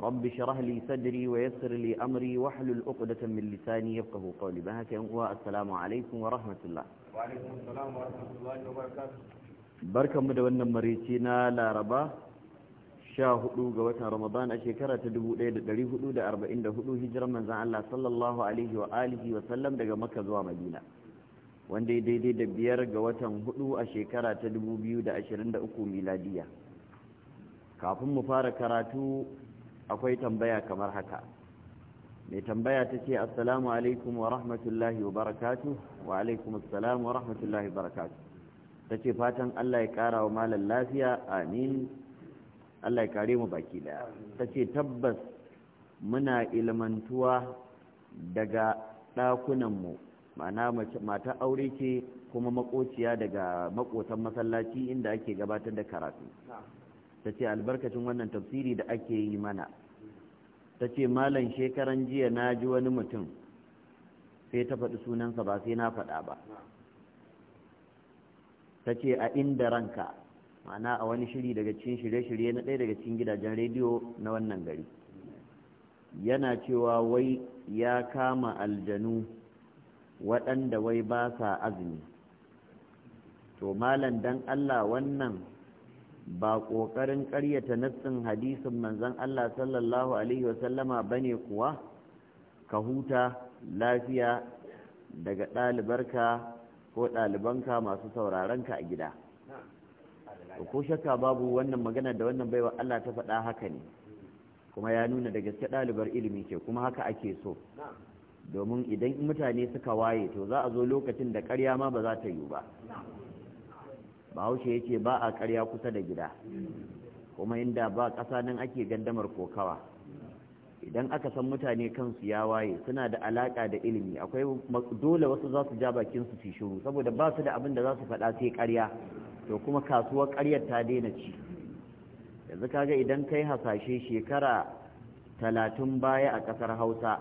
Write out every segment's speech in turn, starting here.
rabbi شرح لي صدري ويسر لي أمري واحلل عقدة من لساني يفقه قولي بهك ينقوى السلام عليكم ورحمة الله وعليكم السلام ورحمة الله وبركاته بركة مدونا مريتنا لاربا sha hudu ga watan ramadan a shekara ta dubu ɗaya da ɗari hudu da arba'in da hudu hijiran manzan Allah sallallahu alaihi wa alihi wa sallam daga makka zuwa madina wanda daidai da biyar ga watan hudu a shekara ta dubu biyu da ashirin da uku miladiya kafin mu fara karatu akwai tambaya kamar haka mai tambaya ta ce assalamu alaikum wa rahmatullahi wa barakatu wa alaikum assalamu wa rahmatullahi wa barakatu ta ce fatan Allah ya kara wa malar lafiya amin Allah ya kare mu baki daya ta ce tabbas muna ilmantuwa daga ɗakunanmu ma'ana mata aure ce kuma makociya daga makotan masallaci inda ake gabatar da karatu ta ce albarkacin wannan tafsiri da ake yi mana ta ce malam shekaran jiya na ji wani mutum sai ta faɗi sunansa ba sai na faɗa ba ta ce a inda ranka mana a wani shiri daga cikin shirye-shirye na ɗaya daga cikin gidajen rediyo na wannan gari yana cewa wai ya kama aljanu waɗanda wai ba sa azumi to malam dan Allah wannan ba ƙoƙarin ƙaryata nassin hadisin manzon Allah sallallahu alaihi wasallama ne kuwa ka huta lafiya daga ɗalibarka ko ɗalibanka masu sauraronka a gida ko shakka babu wannan magana da wannan baiwa Allah ta faɗa haka ne kuma ya nuna da gaske ɗalibar ilimi ce kuma haka ake so domin idan mutane suka waye to za a zo lokacin da ƙarya ma ba za ta yiwu ba bahaushe ya ce ba a karya kusa da gida kuma inda ba ƙasa nan ake gandamar kokawa idan aka san mutane kansu ya waye suna da alaƙa da ilimi akwai dole wasu za su ja bakin su shiru saboda ba su da abin da za su faɗa sai ƙarya to kuma kasuwar ƙaryar ta daina ci yanzu kaga idan kai hasashe shekara talatin baya a ƙasar hausa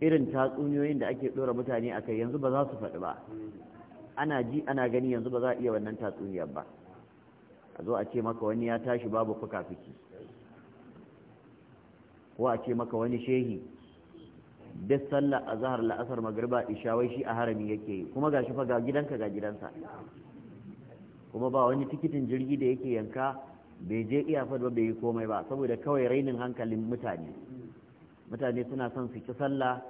irin tatsuniyoyin da ake ɗora mutane a kai yanzu ba za su faɗi ba ana ji ana gani yanzu ba za a iya wannan tatsuniyar ba a zo a ce maka wani ya tashi babu fuka-fiki ko a ce maka wani shehi duk a zahar la'asar magarba ishawai shi a harami yake yi kuma shi fa ga gidanka ga gidansa kuma ba wani tikitin jirgi da yake yanka bai je iyafar ba bai yi komai ba saboda kawai rainin hankalin mutane mutane suna son su ki sallah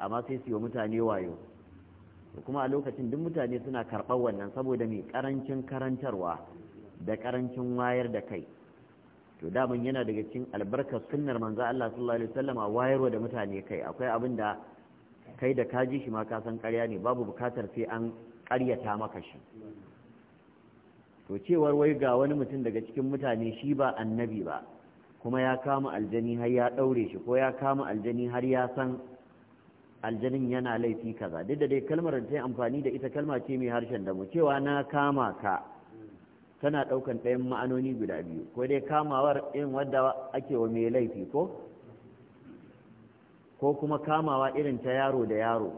amma sai su yi mutane wayo kuma a lokacin duk mutane suna karɓar wannan saboda mai ƙarancin karantarwa da ƙarancin wayar da kai to daman yana daga cikin albarkar sunnar manzo Allah sallallahu alaihi wasallam a wayarwa da mutane kai akwai abin da kai da ka ji shi ma ka san ƙarya ne babu bukatar sai an ƙaryata maka shi to cewar wai ga wani mutum daga cikin mutane shi ba annabi ba kuma ya kama aljani har ya ɗaure shi ko ya kama aljani har ya san aljanin yana laifi kaza duk da dai kalmar da ta amfani da ita kalma ce mai harshen da mu cewa na kama ka tana ɗaukan ɗayan ma'anoni guda biyu ko dai kamawar irin wadda ake wa mai laifi ko ko kuma kamawa irin ta yaro da yaro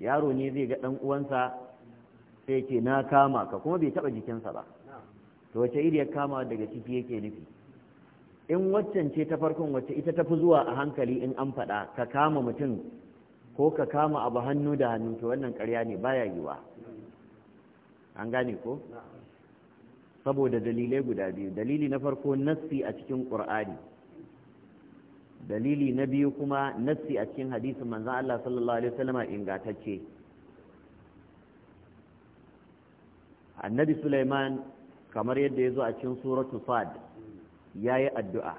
yaro ne zai ga ɗan uwansa sai ce na kama ka kuma bai taɓa jikinsa ba to wace ya kama daga ciki yake nufi in waccan ce ta farkon wacce ita tafi zuwa a hankali in an faɗa ka kama mutum ko ka kama abu hannu da hannu to wannan ƙarya ne baya yiwa an gane ko saboda dalilai guda biyu dalili na farko nassi a cikin ƙur'ani dalili na biyu kuma nassi a cikin hadisin manzan Allah sallallahu alaihi wasallama ingatacce annabi Sulaiman kamar yadda ya zo a cikin suratu Fad ya yi addu'a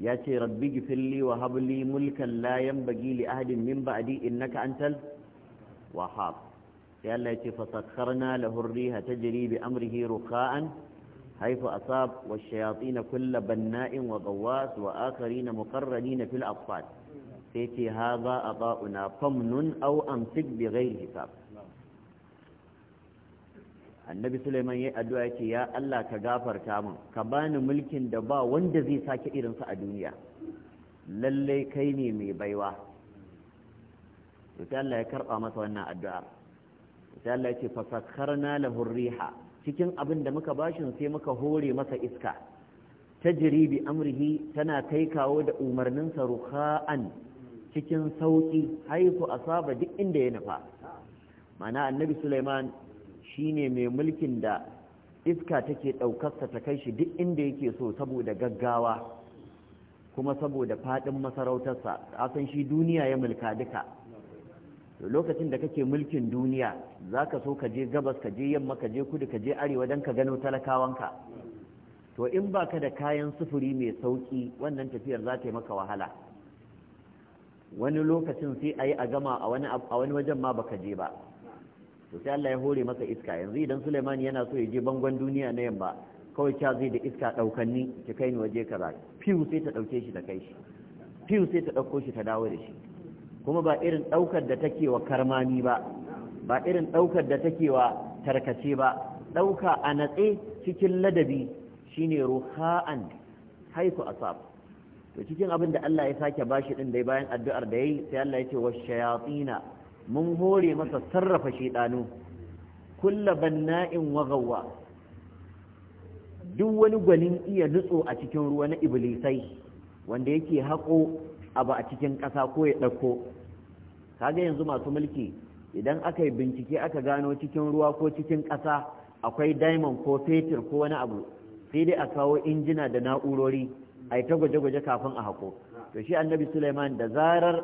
ya ce rabbi gifirli wa habli mulkan la yanbaghi li ahadin min ba'di innaka antal wahhab sai Allah ya ce fasakharna lahu ar-riha tajri bi amrihi ruqa'an haythu asab wash-shayatin kull banna'in wa ghawwas wa akharin muqarranin fil aqfal sai ce hadha ata'una famnun aw amsik bi ghairi hisab annabi Suleiman ya yi addu'a ce ya Allah ka gafarta mun ka bani mulkin da ba wanda zai sake irin sa a duniya lalle kai ne mai baiwa sai Allah ya karba masa wannan addu'a sai Allah yace fa na lahu riha cikin abin da muka bashin sai muka hore masa iska ta bi amrihi tana kai kawo da umarnin sa ruha'an cikin sauki haifu asaba duk inda ya nufa mana annabi Suleiman. Shi ne mai mulkin da iska take ɗaukarsa ta kai shi duk inda yake so saboda gaggawa kuma saboda faɗin masarautarsa a san shi duniya ya mulka duka lokacin da kake mulkin duniya za ka so ka je gabas ka je yamma ka je kudu ka je arewa don ka gano talakawanka to in ba ka da kayan sufuri mai sauƙi wannan tafiyar za ta yi maka wahala wani lokacin sai a yi a gama a wani wajen ma baka je ba to sai Allah ya hore masa iska yanzu idan Sulaiman yana so ya je bangon duniya na yamma kawai cha zai da iska daukanni ki kai ni waje kaza fiu sai ta dauke shi da kai shi fiu sai ta dauko shi ta dawo da shi kuma ba irin daukar da take wa karmani ba ba irin daukar da take wa tarkace ba dauka a natse cikin ladabi shine ruha'an haiku asab to cikin abin da Allah ya sake bashi din dai bayan addu'ar da yayi sai Allah ya ce washayatina mun hore masa sarrafa shaidanu kulla banna'in wa gawwa duk wani gwanin iya nutso a cikin ruwa na iblisai wanda yake haƙo abu a cikin ƙasa ko ya ɗauko kaga yanzu masu mulki idan aka yi bincike aka gano cikin ruwa ko cikin ƙasa akwai diamond ko fetur ko wani abu sai dai a kawo injina da na'urori a yi ta gwaje-gwaje kafin a haƙo to shi annabi suleiman da zarar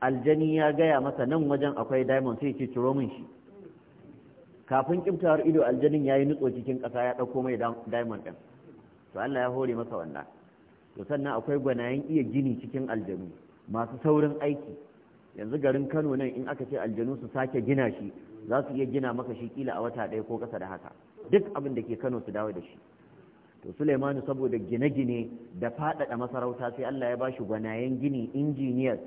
aljani ya gaya masa nan wajen akwai diamond sai ce ciro min shi kafin kimtawar ido aljanin ya yi nutso cikin ƙasa ya ɗauko mai diamond ɗin to Allah ya hore masa wannan to sannan akwai gwanayen iya gini cikin aljanu masu saurin aiki yanzu garin Kano nan in aka ce aljanu su sake gina shi za su iya gina maka shi kila a wata ɗaya ko ƙasa da haka duk abin da ke Kano su dawo da shi to Sulaimanu saboda gine-gine da faɗaɗa masarauta sai Allah ya ba shi gwanayen gini injiniyar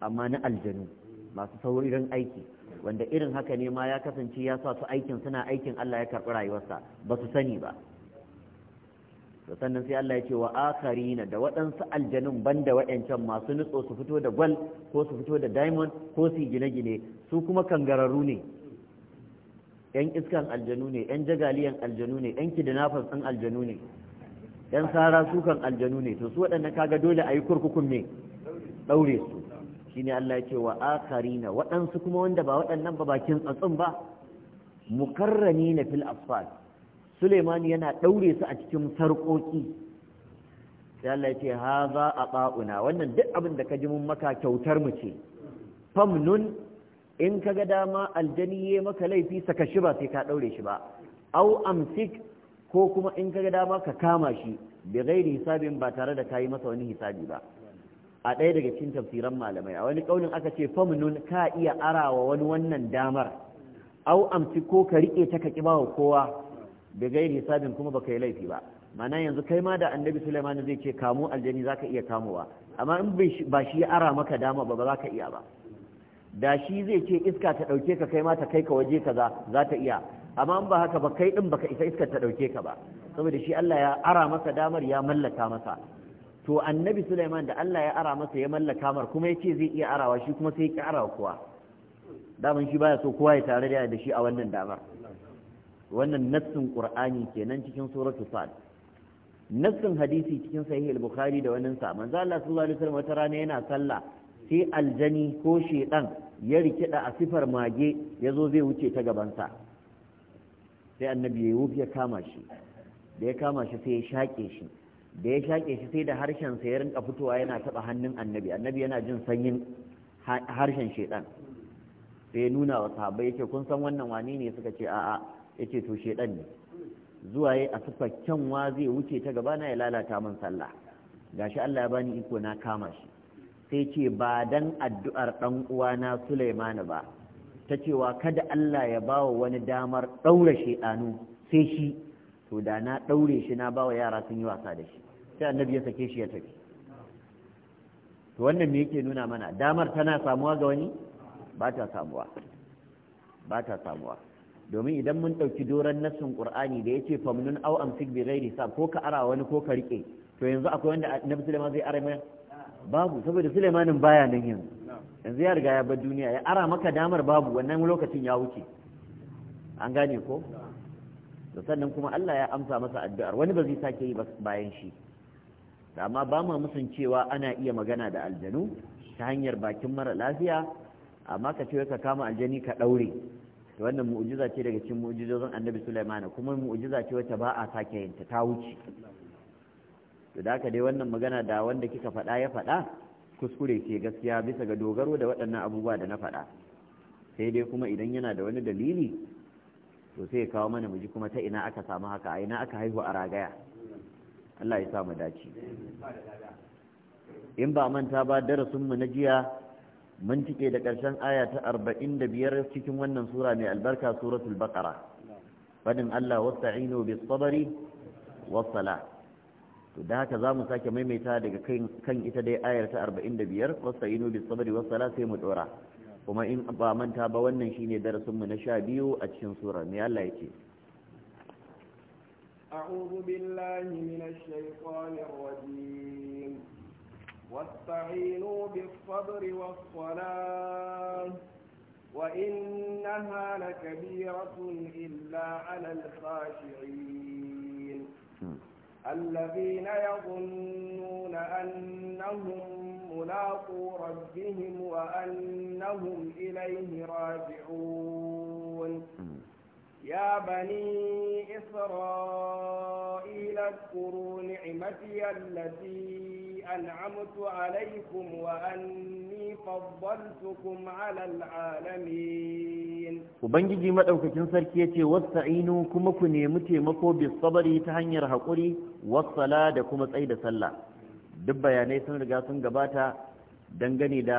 amma na aljanu masu saurin aiki wanda irin haka ne ma ya kasance ya sa su aikin suna aikin Allah ya karɓi rayuwarsa ba su sani ba sannan sai Allah ya ce wa karina da waɗansu aljanun banda waɗancan masu nutso su fito da gwal ko su fito da diamond ko su gine-gine su kuma kangararru ne yan iskan aljanu ne yan jagaliyan aljanu ne yan kidnappers ɗin aljanu ne yan sara sukan aljanu ne to su waɗannan kaga dole a yi kurkukun ne ɗaure su shine Allah ya ce wa akarina waɗansu kuma wanda ba waɗannan ba bakin tsatsun ba mukarrani na fil asfal Suleiman yana daure su a cikin sarƙoƙi sai Allah ya ce ha za a ba'una wannan duk abin da ka ji mun maka kyautar mu ce famnun in ka ga dama aljani ya maka laifi saka shi ba sai ka daure shi ba au amsik ko kuma in ka ga dama ka kama shi bi ghairi hisabin ba tare da kayi masa wani hisabi ba a ɗaya daga cikin tafsiran malamai a wani ƙaunin aka ce nun ka iya ara wa wani wannan damar au amsi ko ka riƙe ta ka ƙibawa kowa da gairi hisabin kuma baka yi laifi ba mana yanzu kai ma da annabi sulaiman zai ce kamo aljani zaka iya kamowa amma in ba shi ya ara maka dama ba ba za ka iya ba da shi zai ce iska ta ɗauke ka kai ma ta kai ka waje ka za ta iya amma in ba haka ba kai ɗin baka isa iska ta ɗauke ka ba saboda shi Allah ya ara masa damar ya mallaka masa to annabi Suleiman da Allah ya ara masa ya mallaka mar kuma ya ce zai iya arawa shi kuma sai ya ki arawa kowa daman shi baya so kowa ya tare da shi a wannan damar wannan nassin ƙur'ani kenan cikin suratul fat nassin hadisi cikin sahih al-bukhari da wannan sa manzo Allah sallallahu alaihi wasallam wata rana yana sallah sai aljani ko shedan ya rikida a sifar mage yazo zai wuce ta gaban sa sai annabi ya wufi ya kama shi da ya kama shi sai ya shake shi da ya shaƙe shi sai da harshen sa ya rinka fitowa yana taɓa hannun annabi annabi yana jin sanyin harshen shaidan sai ya nuna wa sahabbai yace kun san wannan wane ne suka ce a'a yace to shaidan ne zuwa yayi a kyanwa zai wuce ta gaba na ya lalata min sallah gashi Allah ya bani iko na kama shi sai ce ba dan addu'ar dan uwana Sulaimana ba ta cewa kada Allah ya bawa wani damar daura shaidanu sai shi to da na daure shi na bawa yara sun yi wasa da shi sai annabi ya sake shi ya tafi to wannan me yake nuna mana damar tana samuwa ga wani ba ta samuwa ba ta samuwa domin idan mun ɗauki doron nassin qur'ani da ya ce famnun au amsik bi ghairi sa ko ka ara wani ko ka rike to yanzu akwai wanda annabi Sulaiman zai ara mai babu saboda Sulaimanin baya nan yanzu yanzu ya riga ya bar duniya ya ara maka damar babu wannan lokacin ya wuce an gane ko sannan kuma Allah ya amsa masa addu'ar wani ba zai sake yi bayan shi amma ba mu musun cewa ana iya magana da aljanu ta hanyar bakin mara lafiya amma ka ce ka kama aljani ka daure. to wannan mu'ujiza ce daga cikin mu'ujizozin annabi sulaiman kuma mujiza ce wacce ba a sake yin ta ta wuce to da haka dai wannan magana da wanda kika faɗa ya faɗa kuskure ke gaskiya bisa ga dogaro da waɗannan abubuwa da na faɗa sai dai kuma idan yana da wani dalili to sai ya kawo mana muji kuma ta ina aka samu haka a ina aka haihu a ragaya Allah ya sa mu dace in ba manta ba darasin mu na jiya mun tike da ƙarshen aya ta 45 cikin wannan sura mai albarka suratul baqara fadin Allah wasta'inu bis sabri was sala to da haka zamu sake maimaita daga kan ita dai ayar ta 45 wasta'inu bis sabri was sala sai mu dora kuma in ba manta ba wannan shine darasin mu na 12 a cikin sura mai Allah yake أعوذ بالله من الشيطان الرجيم واستعينوا بالصبر والصلاة وإنها لكبيرة إلا على الخاشعين الذين يظنون أنهم ملاقو ربهم وأنهم إليه راجعون يا بني إسرائيل اذكروا نعمتي التي أنعمت عليكم وأني فضلتكم على العالمين وبنجي مدوكتين كيتي واستعينوا كما كني متيمكو بالصبر تهنير حقري والصلاة كما سيدة صلى دبا يا نيسان riga قباتا دنغني دا da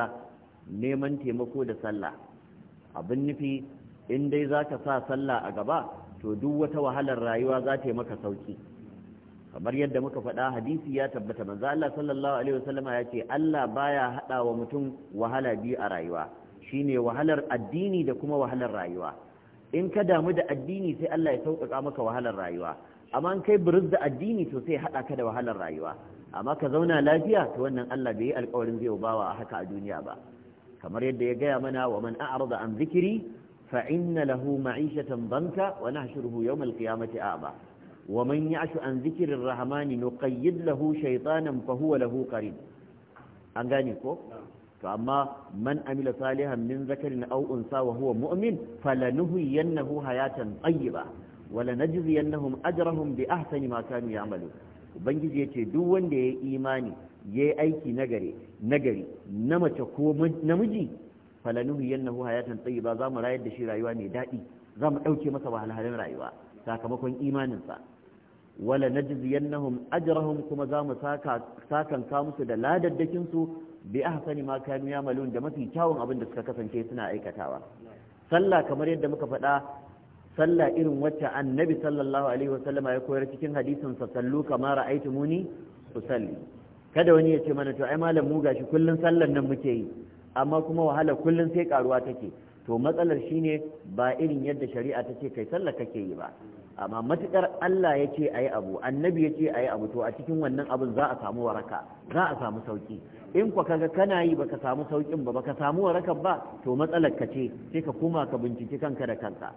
neman taimako da sallah abin in dai za ka sa sallah a gaba to duk wata wahalar rayuwa za ta yi maka sauki kamar yadda muka faɗa hadisi ya tabbata manzo Allah sallallahu alaihi wasallam ya ce Allah baya hada wa mutum wahala biyu a rayuwa shine wahalar addini da kuma wahalar rayuwa in ka damu da addini sai Allah ya sauƙaƙa maka wahalar rayuwa amma in kai buruz da addini to sai hada ka da wahalar rayuwa amma ka zauna lafiya to wannan Allah bai yi alƙawarin zai bawa haka a duniya ba kamar yadda ya gaya mana wa man a'rada an zikiri فإن له معيشة ضنكا ونحشره يوم القيامة أعمى ومن يعش عن ذكر الرحمن نقيد له شيطانا فهو له قريب أنغانيكو فأما من أمل صالحا من ذكر أو أنثى وهو مؤمن فلنهينه حياة طيبة ولنجزينهم أجرهم بأحسن ما كانوا يعملون ubangiji ya ce duk wanda ya yi imani ya yi aiki nagari nagari na mace ko namiji falanuhu yannahu hayatan tayyiba za mu rayar da shi rayuwa mai daɗi za mu ɗauke masa wahalhalin rayuwa sakamakon imaninsa wala najziyannahum ajrahum kuma za mu saka sakan musu da ladaddakin su bi ahsani ma kanu yamalun da mafi kyawun abin da suka kasance suna aikatawa sallah kamar yadda muka faɗa sallah irin wacce annabi sallallahu alaihi wasallam ya koyar cikin hadisin sa sallu kamar ra'aytumuni usalli kada wani ya ce mana to ai malam mu gashi kullun sallan nan muke yi amma kuma wahala kullum sai karuwa take to matsalar shine ba irin yadda shari'a ta kai sallah kake yi ba amma matukar Allah ya ce ayi abu annabi ya ce ayi abu to a cikin wannan abun za a samu waraka za a samu sauki in kwa kaga kana yi baka samu saukin ba baka samu warakan ba to matsalar ka ce sai ka koma ka bincike kanka da kanka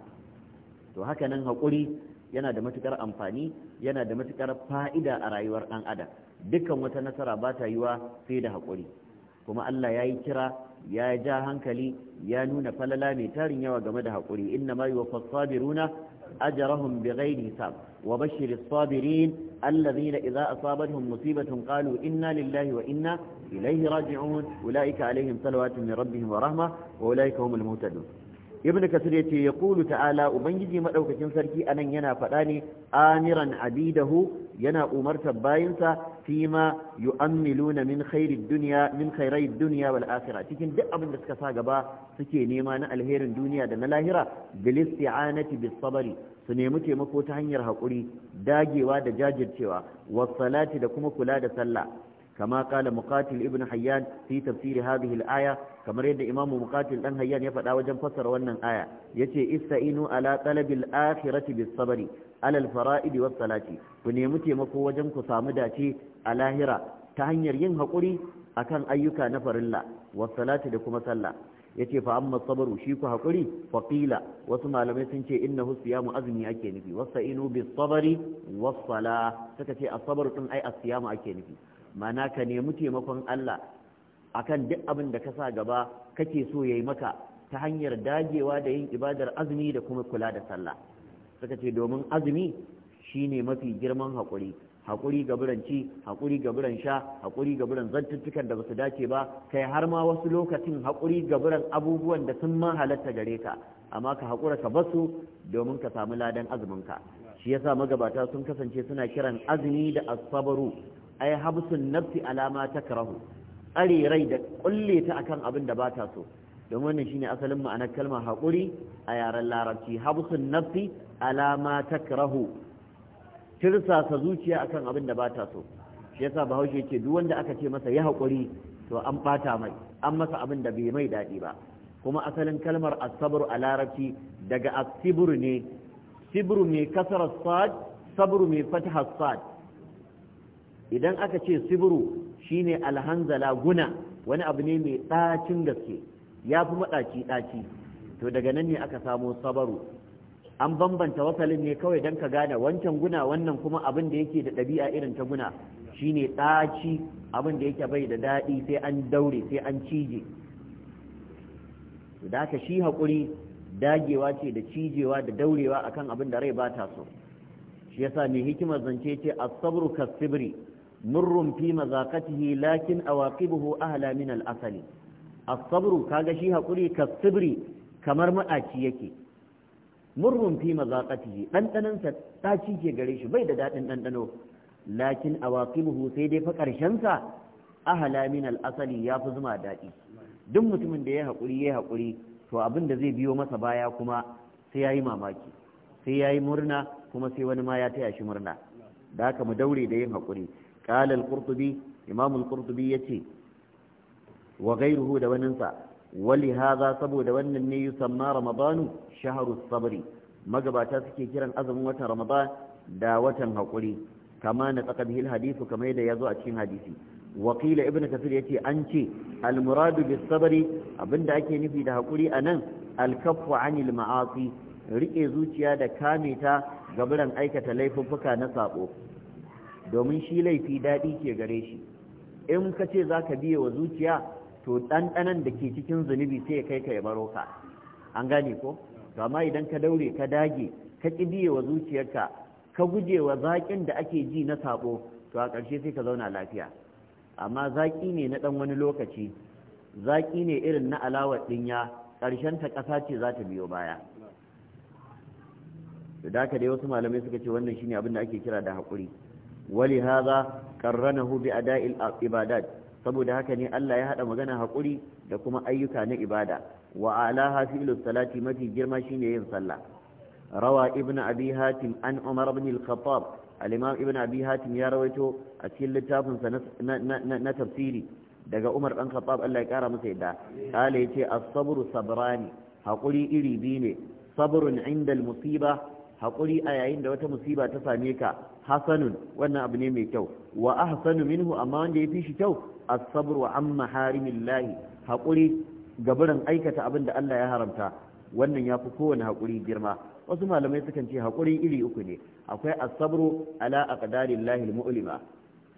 to haka nan hakuri yana da matukar amfani yana da matukar fa'ida a rayuwar dan adam dukkan wata nasara ba ta yiwa sai da hakuri kuma Allah ya yi kira ya ja hankali ya nuna falala mai tarin yawa game da haƙuri inna mai wa fassabiruna ajarahun bigai nisa wa bashirin sabirin allazi da iza asabar sabarhun musibatun kalu inna lillahi wa inna ilaihi raji'un ula'ika alaihim salawatun min rabbihim wa rahma wa ula'ika hum al-muhtadun ibn kasir yace ya kulu ta'ala ubangiji madaukakin sarki anan yana fada ne amiran abidahu yana umartar bayinsa fima yu ammilu na min khairai duniya wal akira cikin duk abin da suka sa gaba suke nema na alherin duniya da na lahira bilisti anati bis sabari su nemi taimako ta hanyar haƙuri dagewa da jajircewa wasalati da kuma kula da sallah kama kala muqatil ibn hayyan fi tafsir hadhihi al-aya kamar yadda imam muqatil dan hayyan ya faɗa wajen fassara wannan aya yace istainu ala talabil akhirati bis sabari alal fara'idi was salati ku nemi taimako wajen ku samu dace a lahira ta hanyar yin haƙuri akan ayyuka na farilla was salati da kuma sallah yace fa amma sabaru shi ku haƙuri fa qila wasu malamai sun ce innahu siyamu azmi ake nufi wasta'inu bis sabri was salah suka ce as-sabr din ai as-siyamu ake nufi ma'ana ka nemi taimakon Allah akan duk abin da ka sa gaba kake so yayi maka ta hanyar dagewa da yin ibadar azumi da kuma kula da sallah suka ce domin azumi shine mafi girman haƙuri haƙuri ga ci haƙuri ga buran sha haƙuri ga buran zantuttukan da basu dace ba kai har ma wasu lokacin haƙuri ga buran abubuwan da sun ma halatta gare ka amma ka haƙura ka basu domin ka samu ladan azumin ka shi yasa magabata sun kasance suna kiran azumi da asabaru ai habsun nafsi alama takrahu tsare rai da kulle ta akan abin da bata so domin wannan shine asalin ma'anar kalmar haƙuri a yaren larabci habsun nafsi alama takrahu tirsasa zuciya akan abin da bata so shi yasa bahaushe yake duk wanda aka ce masa ya haƙuri to an bata mai an masa abin da bai mai daɗi ba kuma asalin kalmar asabru a larabci daga asibru ne sibru mai kasarar sad sabr mai fatihar sad idan aka ce sibru shine alhanzala guna wani abu ne mai ɗacin gaske ya fi maɗaci ɗaci to daga nan ne aka samo sabaru an bambanta wasalin ne kawai don ka gane wancan guna wannan kuma abin da yake da ɗabi'a irin ta guna shine ɗaci abin da yake bai da daɗi sai an daure sai an cije da haka shi haƙuri dagewa ce da cijewa da daurewa akan abin da rai ba ta so shi yasa mai hikimar zance ce a sabru kas-sibri murrun fi mazaqatihi lakin awaqibuhu ahla min al-asali as-sabru kaga shi haƙuri kasibri kamar ma'aci yake murrun fi mazaqatihi dandanan sa ta ke gare shi bai da dadin dandano lakin awaqibuhu sai dai fa karshen sa ahala min al-asali ya fi zuma dadi duk mutumin da ya hakuri ya hakuri to abin da zai biyo masa baya kuma sai yayi mamaki sai yayi murna kuma sai wani ma ya taya shi murna da haka mu daure da yin hakuri qala al-qurtubi imam al-qurtubi yace wa ghayruhu da waninsa wali haza saboda wannan ne yusamma ramadanu shaharu sabri magabata suke kiran azumin watan ramadan da watan haƙuri kama na tsakar hil hadisu kamar yadda ya zo a cikin hadisi wakila ibn kafir ya ce an ce almuradu bis sabri abinda ake nufi da haƙuri a nan alkafu anil ma'asi riƙe zuciya da kame ta gaburan aikata laifuffuka na saɓo domin shi laifi daɗi ke gare shi in ka ce za ka biye wa zuciya to ɗanɗanan da ke cikin zunubi sai ya kai ka ya baro ka an gane ko to amma idan ka daure ka dage ka ƙibiye wa zuciyarka ka guje wa zaƙin da ake ji na saɓo to a ƙarshe sai ka zauna lafiya amma zaƙi ne na ɗan wani lokaci zaƙi ne irin na alawar ɗinya ƙarshen ta ƙasa ce za ta biyo baya da haka dai wasu malamai suka ce wannan shine abin da ake kira da haƙuri wali haza qarranahu bi ada'il ibadat saboda haka ne Allah ya haɗa magana haƙuri da kuma ayyuka na ibada wa alaha fi'lu salati mafi girma shine yin sallah rawa ibnu abi hatim an umar ibn al-khattab al-imam ibnu abi hatim ya rawaito a cikin littafin sa na tafsiri daga umar dan khattab Allah ya kara masa yadda kale yace as-sabru sabrani haƙuri iri biyu ne sabrun inda al-musiba haƙuri a yayin da wata musiba ta same ka hasanun wannan abu ne mai kyau wa ahsanu minhu amma wanda ya fi shi kyau as-sabru harimillahi hakuri haƙuri gabarin aikata abin da Allah ya haramta wannan ya fi kowane haƙuri girma wasu malamai sukan ce hakuri iri uku ne akwai as-sabru ala aqdarillahi al-mu'lima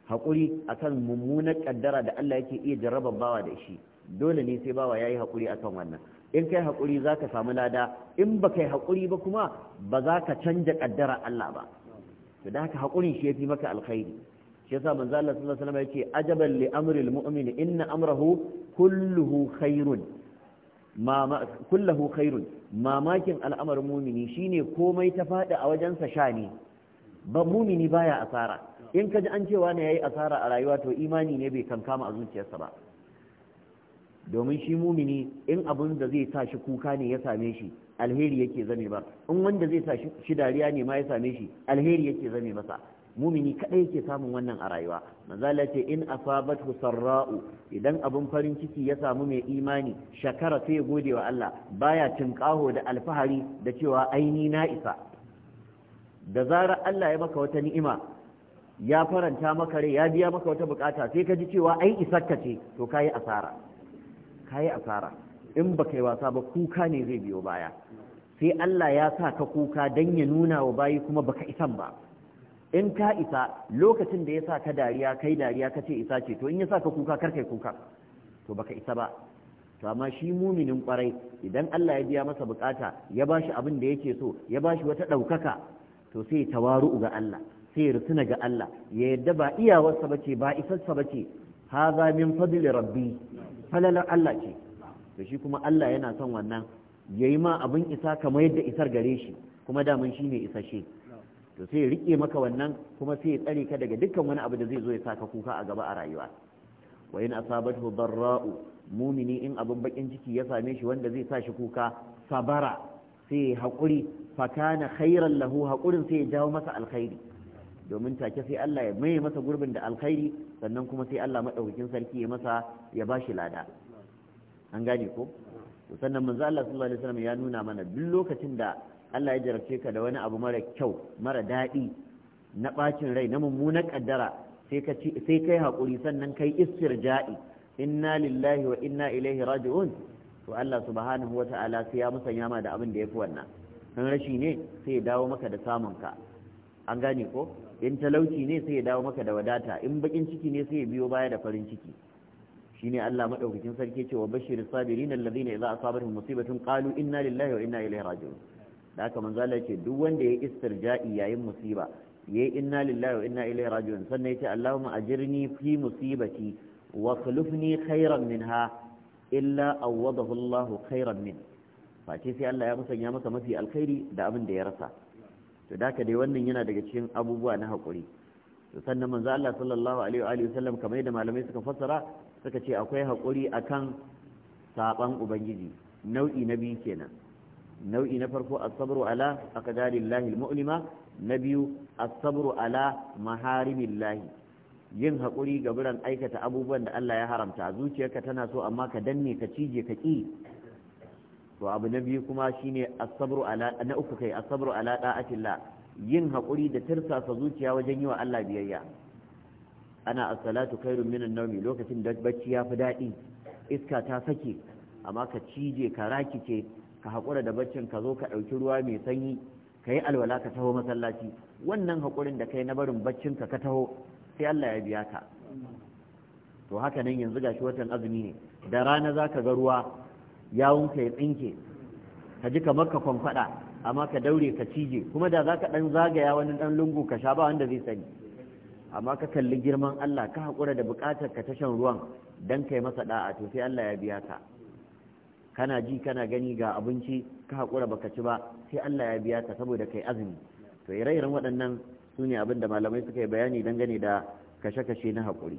haƙuri akan mummunar kaddara da Allah yake iya jarraban bawa da shi dole ne sai bawa yayi hakuri akan wannan in kai hakuri zaka samu lada in ba kai haƙuri ba kuma ba za ka canja ƙaddara Allah ba to da haka haƙurin shi ya fi maka alkhairi shi yasa manzo Allah sallallahu alaihi wasallam yake ajaban li amri almu'min inna amrahu kulluhu khairun ma kulluhu khairun mamakin al'amarin mumini shine komai ta fada a wajensa shani ba mumini baya asara in ka ji an cewa ne yayi asara a rayuwa to imani ne bai kankama a zuciyarsa ba domin shi mumini in abun da zai sa shi kuka ne ya same shi alheri yake zame ba in wanda zai sa shi dariya ne ma ya same shi alheri yake zame masa mumini kadai yake samun wannan a rayuwa manzala ce in asabatu sarra'u idan abun farin ciki ya samu mai imani shakara sai ya gode wa Allah baya tinkaho da alfahari da cewa aini na isa da zarar Allah ya maka wata ni'ima ya faranta maka rai ya biya maka wata bukata sai ka ji cewa ai isarka ce to kai asara kai asara in ba kai wasa ba kuka ne zai biyo baya sai Allah ya sa ka kuka dan ya nuna wa bayi kuma baka isan ba in ka isa lokacin da ya sa ka dariya kai dariya ka ce isa ce to in ya sa ka kuka kar kai kuka to baka isa ba to amma shi muminin kwarai idan Allah ya biya masa bukata ya bashi abin da yake so ya bashi wata ɗaukaka to sai tawaru ga Allah sai rutuna ga Allah ya yadda ba iyawarsa bace ba isarsa bace haza min fadli rabbi falalar Allah ce to shi kuma Allah yana son wannan yayi ma abin isa kamar yadda isar gare shi kuma da mun shine isashe to sai ya rike maka wannan kuma sai ya tsare ka daga dukkan wani abu da zai zo ya saka kuka a gaba a rayuwa wa in asabatu darra'u mumini in abin bakin ciki ya same shi wanda zai sa shi kuka sabara sai ya haƙuri na khairan lahu hakurin sai ya jawo masa alkhairi domin take sai Allah ya maye masa gurbin da alkhairi sannan kuma sai Allah madaukakin sarki ya masa ya bashi lada an gane ko sannan manzo Allah sallallahu alaihi wasallam ya nuna mana duk lokacin da Allah ya jarabce ka da wani abu mara kyau mara daɗi na ɓacin rai na mummunan ƙaddara sai kai haƙuri sannan kai istirja'i inna lillahi wa inna ilaihi raji'un to Allah subhanahu wata'ala sai ya musanya ma da abin da fi wannan in rashi ne sai ya dawo maka da samun ka an gane ko in talauci ne sai ya dawo maka da wadata in bakin ciki ne sai ya biyo baya da farin ciki shine Allah madaukakin sarki ce wa bashir sabirin alladhina idza asabatuhum musibatun qalu inna lillahi wa inna ilaihi raji'un da haka manzo Allah ce duk wanda ya istirja'i yayin musiba ya inna lillahi wa inna ilaihi raji'un sannan yace Allahumma ajirni fi musibati wa khlifni khairan minha illa awwadahu Allahu khairan min face sai Allah ya musanya masa mafi alkhairi da abin da ya rasa to da dai wannan yana daga cikin abubuwa na hakuri to sannan manzo Allah sallallahu alaihi wa alihi wasallam kamar yadda malamai suka fassara suka ce akwai hakuri akan saban ubangiji nau'i na biyu kenan nau'i na farko as ala aqdarillahi al-mu'lima na biyu asabru ala maharimillahi yin hakuri ga biran aikata abubuwan da Allah ya haramta zuciyarka tana so amma ka danne ka cije ka ki to abu na biyu kuma shine as ala na uku kai asabru ala da'atillah yin hakuri da tirsasa zuciya wajen yi wa Allah biyayya ana as-salatu khairun minan nawmi lokacin da bacci ya fi daɗi iska ta sake amma ka cije ka rakice ka haƙura da baccin ka zo ka ɗauki ruwa mai sanyi ka yi alwala ka taho masallaci wannan haƙurin da kai na barin baccin ka ka taho sai Allah ya biya ka to haka nan yanzu gashi watan azumi ne da rana za ka ga ruwa ya ya tsinke ka ji kamar ka kwamfada amma ka daure ka cije kuma da za ka ɗan zagaya wani ɗan lungu ka sha ba wanda zai sani amma ka kalli girman Allah ka haƙura da buƙatar ka ta shan ruwan don kai masa da'a to sai Allah ya biya ka kana ji kana gani ga abinci ka haƙura baka ci ba sai Allah ya biya ka saboda kai azumi to ire-iren waɗannan su ne abin da malamai suka yi bayani dangane da kashe-kashe na haƙuri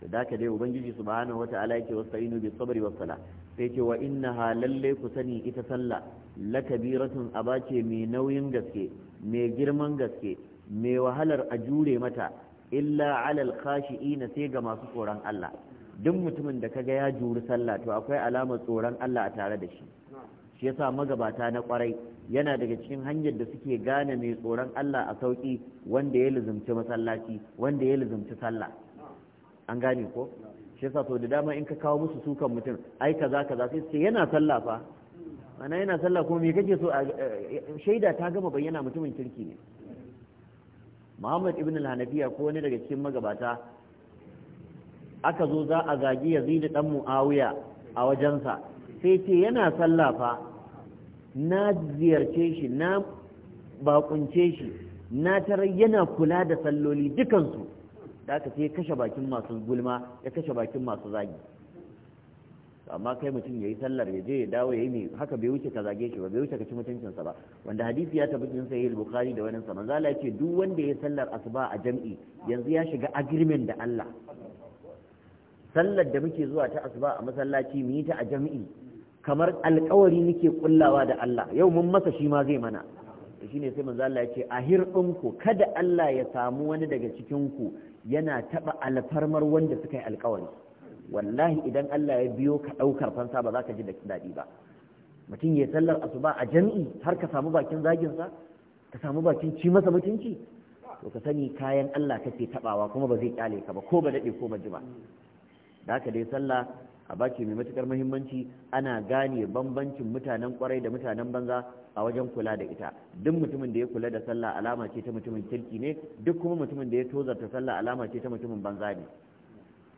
to da ka dai ubangiji subhanahu wata'ala yake inu bis sabri was sala sai ce wa innaha lalle ku sani ita sallah lakabiratun abace mai nauyin gaske mai girman gaske mai wahalar a jure mata illa alal khashi'ina sai ga masu tsoron Allah duk mutumin da kaga ya juri sallah to akwai alamar tsoron Allah a tare da shi shi yasa magabata na kwarai yana daga cikin hanyar da suke gane mai tsoron Allah a sauki wanda ya lizumci masallaci wanda ya lizumci sallah an gane ko shi yasa to da dama in ka kawo musu sukan mutum ai kaza kaza sai ce yana sallah fa ana yana sallah kuma me kake so eh, shaida ta gama bayyana mutumin kirki ne Muhammad ibn al-Hanafiya ko wani daga cikin magabata aka zo za a zagi yazid dan muawiya a wajensa sai ce yana sallafa na ziyarce shi na bakunce shi na tarar yana kula da salloli dukansu da aka ce kashe bakin masu gulma ya kashe bakin masu zagi amma kai mutum ya yi sallar ya je ya dawo ya yi mai haka bai wuce ka zage shi ba bai wuce ka ci mutuncinsa ba wanda hadisi ya tabbata yin sayi bukari da wannan sa manzo ce duk wanda ya sallar asuba a jam'i yanzu ya shiga agreement da Allah sallar da muke zuwa ta asuba a masallaci mu yi ta a jami'i kamar alkawari muke kullawa da Allah yau mun masa shi ma zai mana shine sai manzo Allah ya ce a ɗinku kada Allah ya samu wani daga cikin ku yana taba alfarmar wanda suka yi alkawari wallahi idan Allah ya biyo ka ɗaukar fansa ba za ka ji da daɗi ba mutum ya sallar asuba a jami'i har ka samu bakin zaginsa ka samu bakin ci masa mutunci to ka sani kayan Allah kake taɓawa kuma ba zai kyale ka ba ko ba daɗe ko ba jima da haka dai sallah a ce mai matukar muhimmanci ana gane bambancin mutanen kwarai da mutanen banza a wajen kula da ita duk mutumin da ya kula da sallah alama ce ta mutumin kirki ne duk kuma mutumin da ya tozarta sallah alama ce ta mutumin banza ne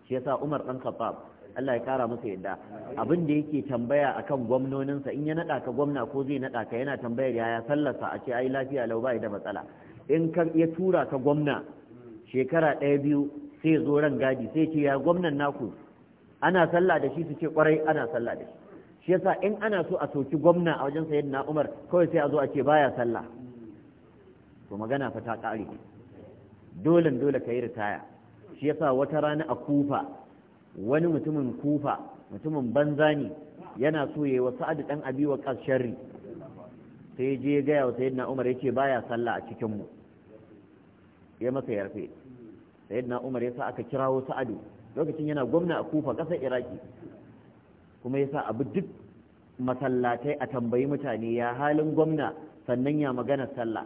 shi yasa Umar dan Khattab Allah ya kara masa yadda abin da yake tambaya akan gwamnoninsa in ya nada ka gwamna ko zai nada ka yana tambayar yaya sallarsa a ce ai lafiya lau bai da matsala in ka ya tura ka gwamna shekara ɗaya biyu sai zo ran gadi sai ce ya gwamnan naku ana sallah da shi su ce kwarai ana sallah da shi shi yasa in ana so a soki gwamna a wajen na Umar kawai sai a zo a ce baya sallah to magana fa ta kare dole dole kai ritaya shi yasa wata rana a Kufa wani mutumin Kufa mutumin banza ne yana so yayi wa Sa'ad dan Abi wa sharri sai je ya ga wa sayyidina Umar yace baya sallah a cikin mu ya masa yarfe sayyidina umar yasa aka kirawo sa'adu lokacin yana gwamna a kufa ƙasar iraki kuma yasa abu duk masallatai a tambayi mutane ya halin gwamna sannan ya magana sallah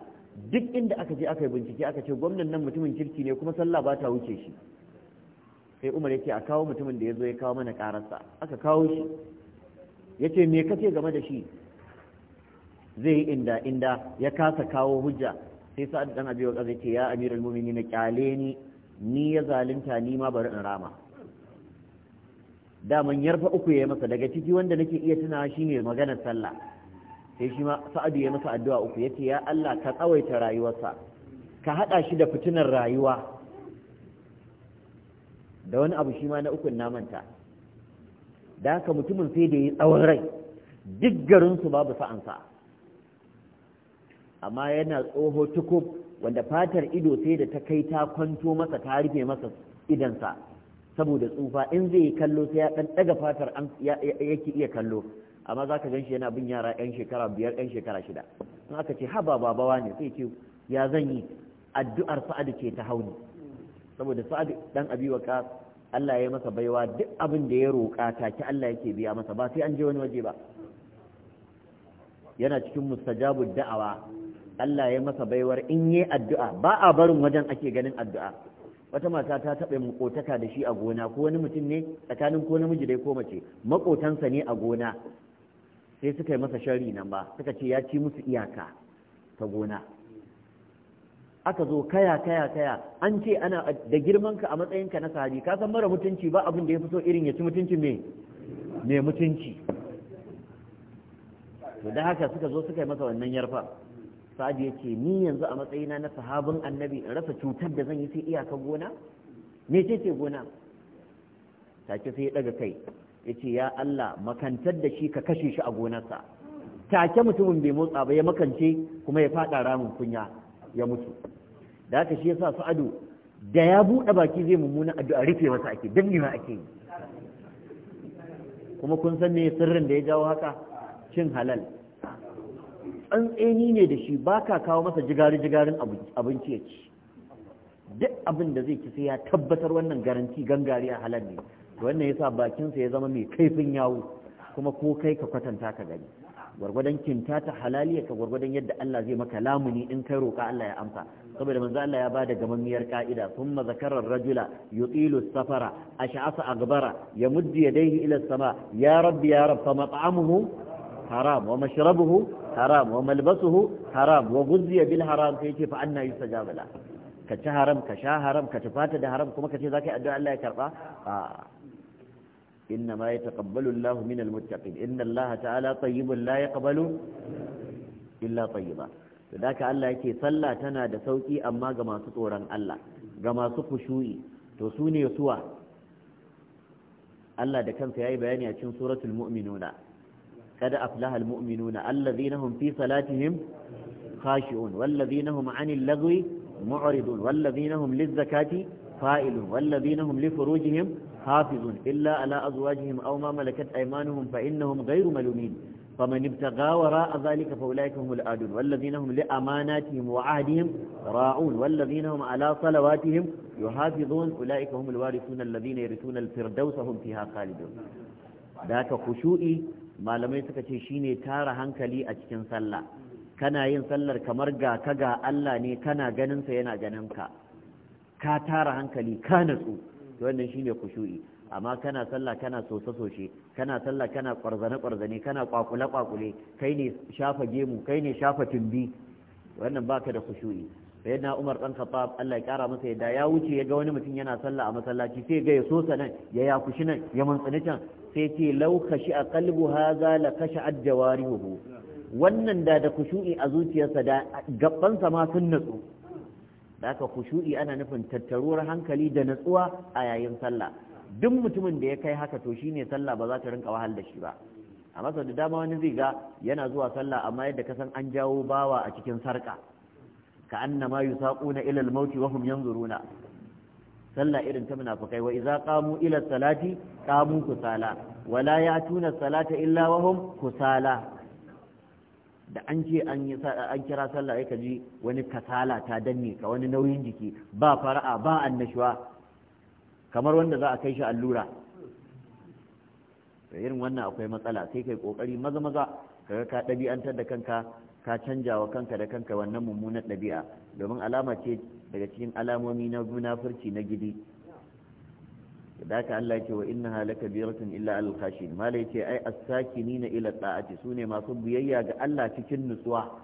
duk inda aka je aka yi bincike aka ce gwamnan nan mutumin kirki ne kuma sallah ba ta wuce shi sai umar yake a kawo mutumin da ya zo ya kawo mana kararsa aka kawo shi ya ce me kace game da shi zai yi inda inda ya kasa kawo hujja sai sa'ad dan abi waqas yake ya amirul mu'minin kyale ni ni ya zalunta ni ma bari in rama daman yarfa uku ya masa daga ciki wanda nake iya tunawa shine maganar sallah sai shi ma sa'adu ya masa addu'a uku yace ya Allah ka tsawaita rayuwarsa ka hada shi da fitinar rayuwa da wani abu shi ma na ukun namanta da haka mutumin sai da ya tsawon rai duk garinsu babu sa'ansa amma yana tsoho tukub wanda fatar ido sai da ta kai ta kwanto masa ta rufe masa idansa saboda tsufa in zai yi kallo sai ya dan daga fatar yake iya kallo amma za ka ganshi yana bin yara yan shekara biyar yan shekara shida in aka ce haba babawa ne sai ce ya zan yi addu'ar sa'adu ce ta hauni saboda sa'adu dan abi ka Allah ya masa baiwa duk abin da ya roƙa ta ki Allah yake biya masa ba sai an je wani waje ba yana cikin mustajabu da'awa Allah ya masa baiwar in yi addu'a ba a barin wajen ake ganin addu'a wata mata ta taɓa makotaka da shi a gona ko wani mutum ne tsakanin ko namiji dai ko mace makotansa ne a gona sai suka yi masa shari nan ba suka ce ya ci musu iyaka ta gona aka zo kaya kaya kaya an ce ana da girmanka a matsayin ka na sahabi ka san mara mutunci ba abin da ya fi irin ya ci mutunci me me mutunci to da haka suka zo suka yi masa wannan yarfa Sa'adu ya ni yanzu a matsayina na sahabin annabi in rasa cutar da zan yi sai iyaka gona me ce ce gona take sai ya daga kai ya ce ya Allah makantar da shi ka kashe shi a gonarsa take mutumin bai motsa ba ya makance kuma ya fada ramin kunya ya mutu da haka shi yasa Sa'adu da ya buɗe baki zai mummuna addu'a rufe masa ake dangina ake kuma kun san me sirrin da ya jawo haka cin halal tsantseni ne da shi ba ka kawo masa jigari-jigarin abinci ya ci duk abin da zai ci sai ya tabbatar wannan garanti gangari a halar ne wannan ya yasa bakinsa ya zama mai kaifin yawo kuma ko kai ka kwatanta ka gani gwargwadon kinta ta halaliya ka gwargwadon yadda Allah zai maka lamuni in kai roƙa Allah ya amsa saboda manzo Allah ya bada gamammiyar ka'ida thumma zakara rajula yutilu safara ash'asa agbara muddi yadayhi ila sama ya rabbi ya rabb fa mat'amuhu haram wa mashrabuhu haram wa malbasuhu haram wa guzziya bil haram sai yace fa anna yustajaba la ka ci haram ka sha haram ka tufata da haram kuma ka ce zaka yi addu'a Allah ya karba a inna ma yataqabbalu Allahu min al-murtala almuttaqin inna Allah ta'ala tayyibun la yaqbalu illa tayyiba to daka Allah yake sallah tana da sauki amma ga masu tsoron Allah ga masu kushu'i to su ne suwa Allah da kansa ya yi bayani a cikin suratul mu'minuna kada aflaha almu'minuna alladhinahum fi salatihim khashi'un walladhinahum 'anil laghwi mu'ridun walladhinahum lizzakati fa'ilun walladhinahum lifurujihim hafizun illa ala azwajihim aw ma malakat aymanuhum fa innahum ghayru malumin faman ibtagha wara dhalika fa ulaika humul adun li amanatihim wa ra'un walladhinahum ala salawatihim yuhafizun ulaika humul warithuna alladhina yarithuna alfirdausa hum fiha khalidun da ka khushu'i malamai suka ce shine tara hankali a cikin sallah kana yin sallar kamar ga ka ga Allah ne kana ganinsa, yana ganin ka ka tara hankali ka natsu wannan shine kushu'i amma kana sallah kana sosa-soshe kana sallah kana kwarzane-kwarzane kana kwakule-kwakule kai ne shafa gemu kai ne shafa tumbi wannan baka da kushu'i sayyidina Umar dan Khattab Allah ya kara masa yadda ya wuce ya ga wani mutum yana sallah a masallaci sai ga ya so nan ya kushi nan ya mantsina can sai ce law khashi a qalbu hadha la al jawarihu wannan da da kushu'i a zuciyarsa da gabbansa ma sun natsu da ka kushu'i ana nufin tattaruwar hankali da natsuwa a yayin sallah duk mutumin da ya kai haka to shine sallah ba za ta rinka wahal da shi ba amma sau da dama wani zai ga yana zuwa sallah amma yadda ka san an jawo bawa a cikin sarka ka annama yusaquna ila al-maut wa hum yanzuruna sallah irin ta munafikai wa idza qamu ila salati qamu kusala Wala la ya'tuna salata illa wa hum kusala da an ce an an kira sallah ai kaji wani kasala ta danne ka wani nauyin jiki ba fara'a ba annashuwa kamar wanda za a kai shi allura irin wannan akwai matsala sai kai kokari maza maza kaga ka ɗabi'antar da kanka ka canja wa kanka da kanka wannan mummunan ɗabi'a domin alama ce daga cikin alamomi na munafurci na gidi da ka Allah ce wa inna halaka biratun illa al-khashin malai ce ai as nina ila ta'ati sune masu biyayya ga Allah cikin nutsuwa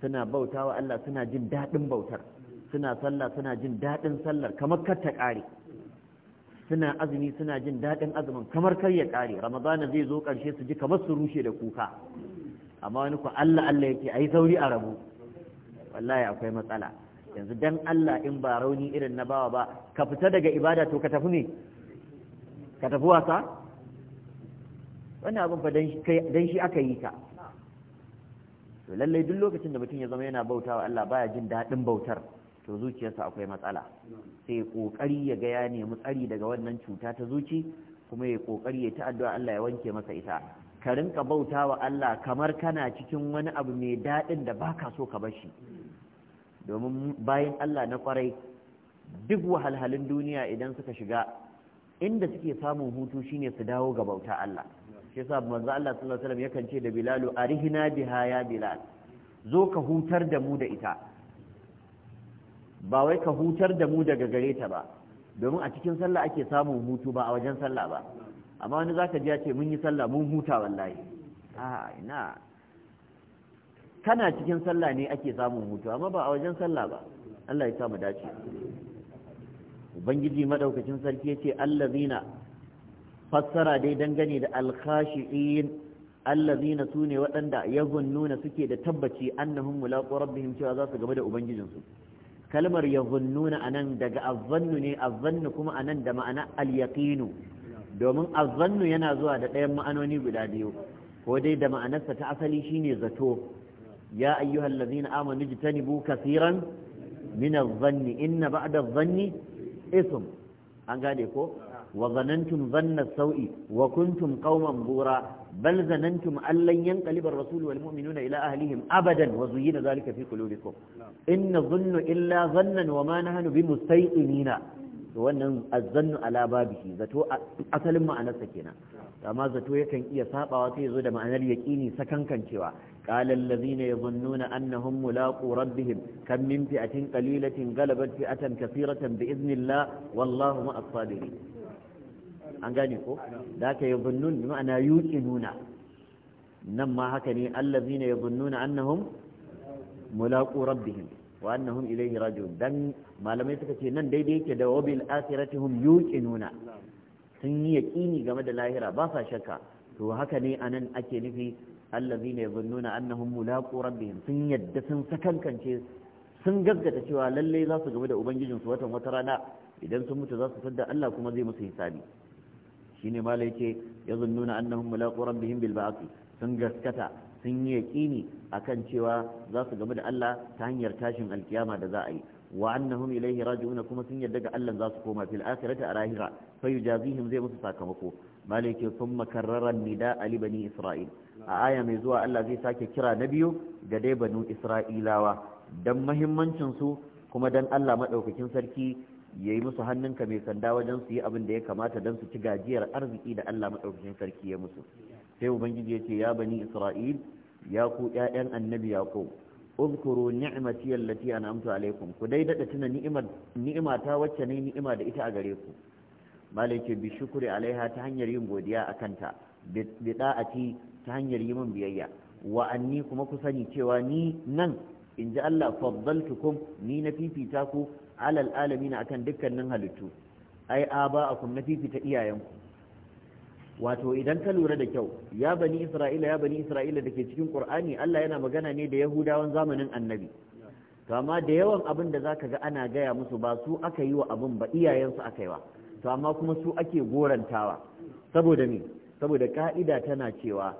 suna bautawa Allah suna jin dadin bautar suna sallah suna jin dadin sallar kamar kar ta kare suna azumi suna jin daɗin azumin kamar kar ya kare ramadana zai zo ƙarshe su ji kamar su rushe da kuka amma wani ku Allah Allah yake ayi sauri a rabu wallahi akwai matsala yanzu dan Allah in ba rauni irin na bawa ba ka fita daga ibada to ka tafi ne ka tafi wasa wannan abin fa dan shi aka yi ka to lallai duk lokacin da mutum ya zama yana bautawa Allah baya jin daɗin bautar to zuciyarsa akwai matsala sai kokari ya ga ya nemi tsari daga wannan cuta ta zuci kuma ya kokari ya ta addu'a Allah ya wanke masa ita ka rinka bauta wa Allah kamar kana cikin wani abu mai daɗin da ba ka so ka bashi domin bayan Allah na kwarai duk wahalhalin duniya idan suka shiga inda suke samun hutu shine su dawo ga bauta Allah shi yasa manzo Allah sallallahu alaihi wasallam yakan ce da Bilal arihina biha ya Bilal zo ka hutar da mu da ita ba wai ka hutar da mu daga gareta ba domin a cikin sallah ake samun hutu ba a wajen sallah ba amma wani zaka ji ya ce mun yi sallah mun huta wallahi a ina kana cikin sallah ne ake samun hutu amma ba a wajen sallah ba Allah ya samu dace ubangiji madaukakin sarki yace allazina fassara dai dangane da alkhashiin allazina sune waɗanda yazunnuna suke da tabbaci annahum mulaqu rabbihim cewa za su game da ubangijinsu kalmar yazunnuna anan daga azzannu ne azzannu kuma anan da ma'ana al domin azannu yana zuwa da ɗayan ma'anoni guda biyu ko dai da ma'anarsa ta asali shine zato ya ayyuhal ladzina amanu jitanibu kaseeran min adh-dhanni inna ba'da adh-dhanni ism an gane ko wa zanantum dhanna sawi wa kuntum qauman bura bal zanantum an lan yanqaliba ar-rasulu wal mu'minuna ila ahlihim abadan wa zuyyina dhalika fi qulubikum inna dhanna illa dhannan wa ma nahnu bimustayqinina to wannan azannu ala babihi zato asalin ma'anarsa kenan amma zato yakan iya sabawa sai zo da ma'anar yaqini sakankancewa qala allazina yadhunnuna annahum mulaqu rabbihim kam min fi'atin qalilatin galabat fi'atan kathiratan bi idhnillah wallahu ma'as sabirin an gane ko da ka yadhunnun ma'ana yuqinuna nan ma haka ne allazina yadhunnuna annahum mulaqu rabbihim wa annahum ilayhi raji'un dan malamai suka ce nan daidai yake da wabil asiratihum yuqinuna sun yi yaqini game da lahira ba sa shakka to haka ne anan ake nufi allazina yazunnuna annahum mulaqu rabbihim sun yadda sun sakankance sun gaggata cewa lalle za su gaba da ubangijinsu watan wata rana idan sun mutu za su sadda Allah kuma zai musu hisabi shine malai ce yazunnuna annahum mulaqu rabbihim bil ba'thi sun gaskata sun yi yaqini akan cewa za su gamu da Allah ta hanyar tashin alkiyama da za a yi wa annahum hira raji'un kuma sun yarda ga Allah za su koma fil akhirati a fa yujazihim zai musu sakamako malike thumma karrara nida ali bani isra'il a aya mai zuwa Allah zai sake kira na biyu ga dai banu isra'ilawa dan muhimmancin su kuma dan Allah madaukakin sarki yayi musu hannunka mai sanda wajen su yi abin da ya kamata dan su ci gajiyar arziki da Allah madaukakin sarki ya musu sai ubangiji ya ce ya bani isra'il ya ku ƴaƴan annabi yaqub uzkuru ni'mati allati an'amtu alaiku ku dai dada tuna ni'imar ni'ima wacce ne ni'ima da ita a gare ku malike bi shukuri alaiha ta hanyar yin godiya akan ta bi da'ati ta hanyar yi min biyayya wa anni kuma ku sani cewa ni nan in ji Allah faddaltukum ni na fifita ku alal alamin akan dukkanin halittu ai aba akum na fifita iyayenku wato idan ka lura da kyau ya bani isra'ila ya bani isra'ila da ke cikin qur'ani Allah yana magana ne da yahudawan zamanin annabi to amma da yawan abin da zaka ga ana gaya musu ba su aka yi wa abin ba iyayensu aka yi wa to amma kuma su ake gorantawa saboda me saboda ka'ida tana cewa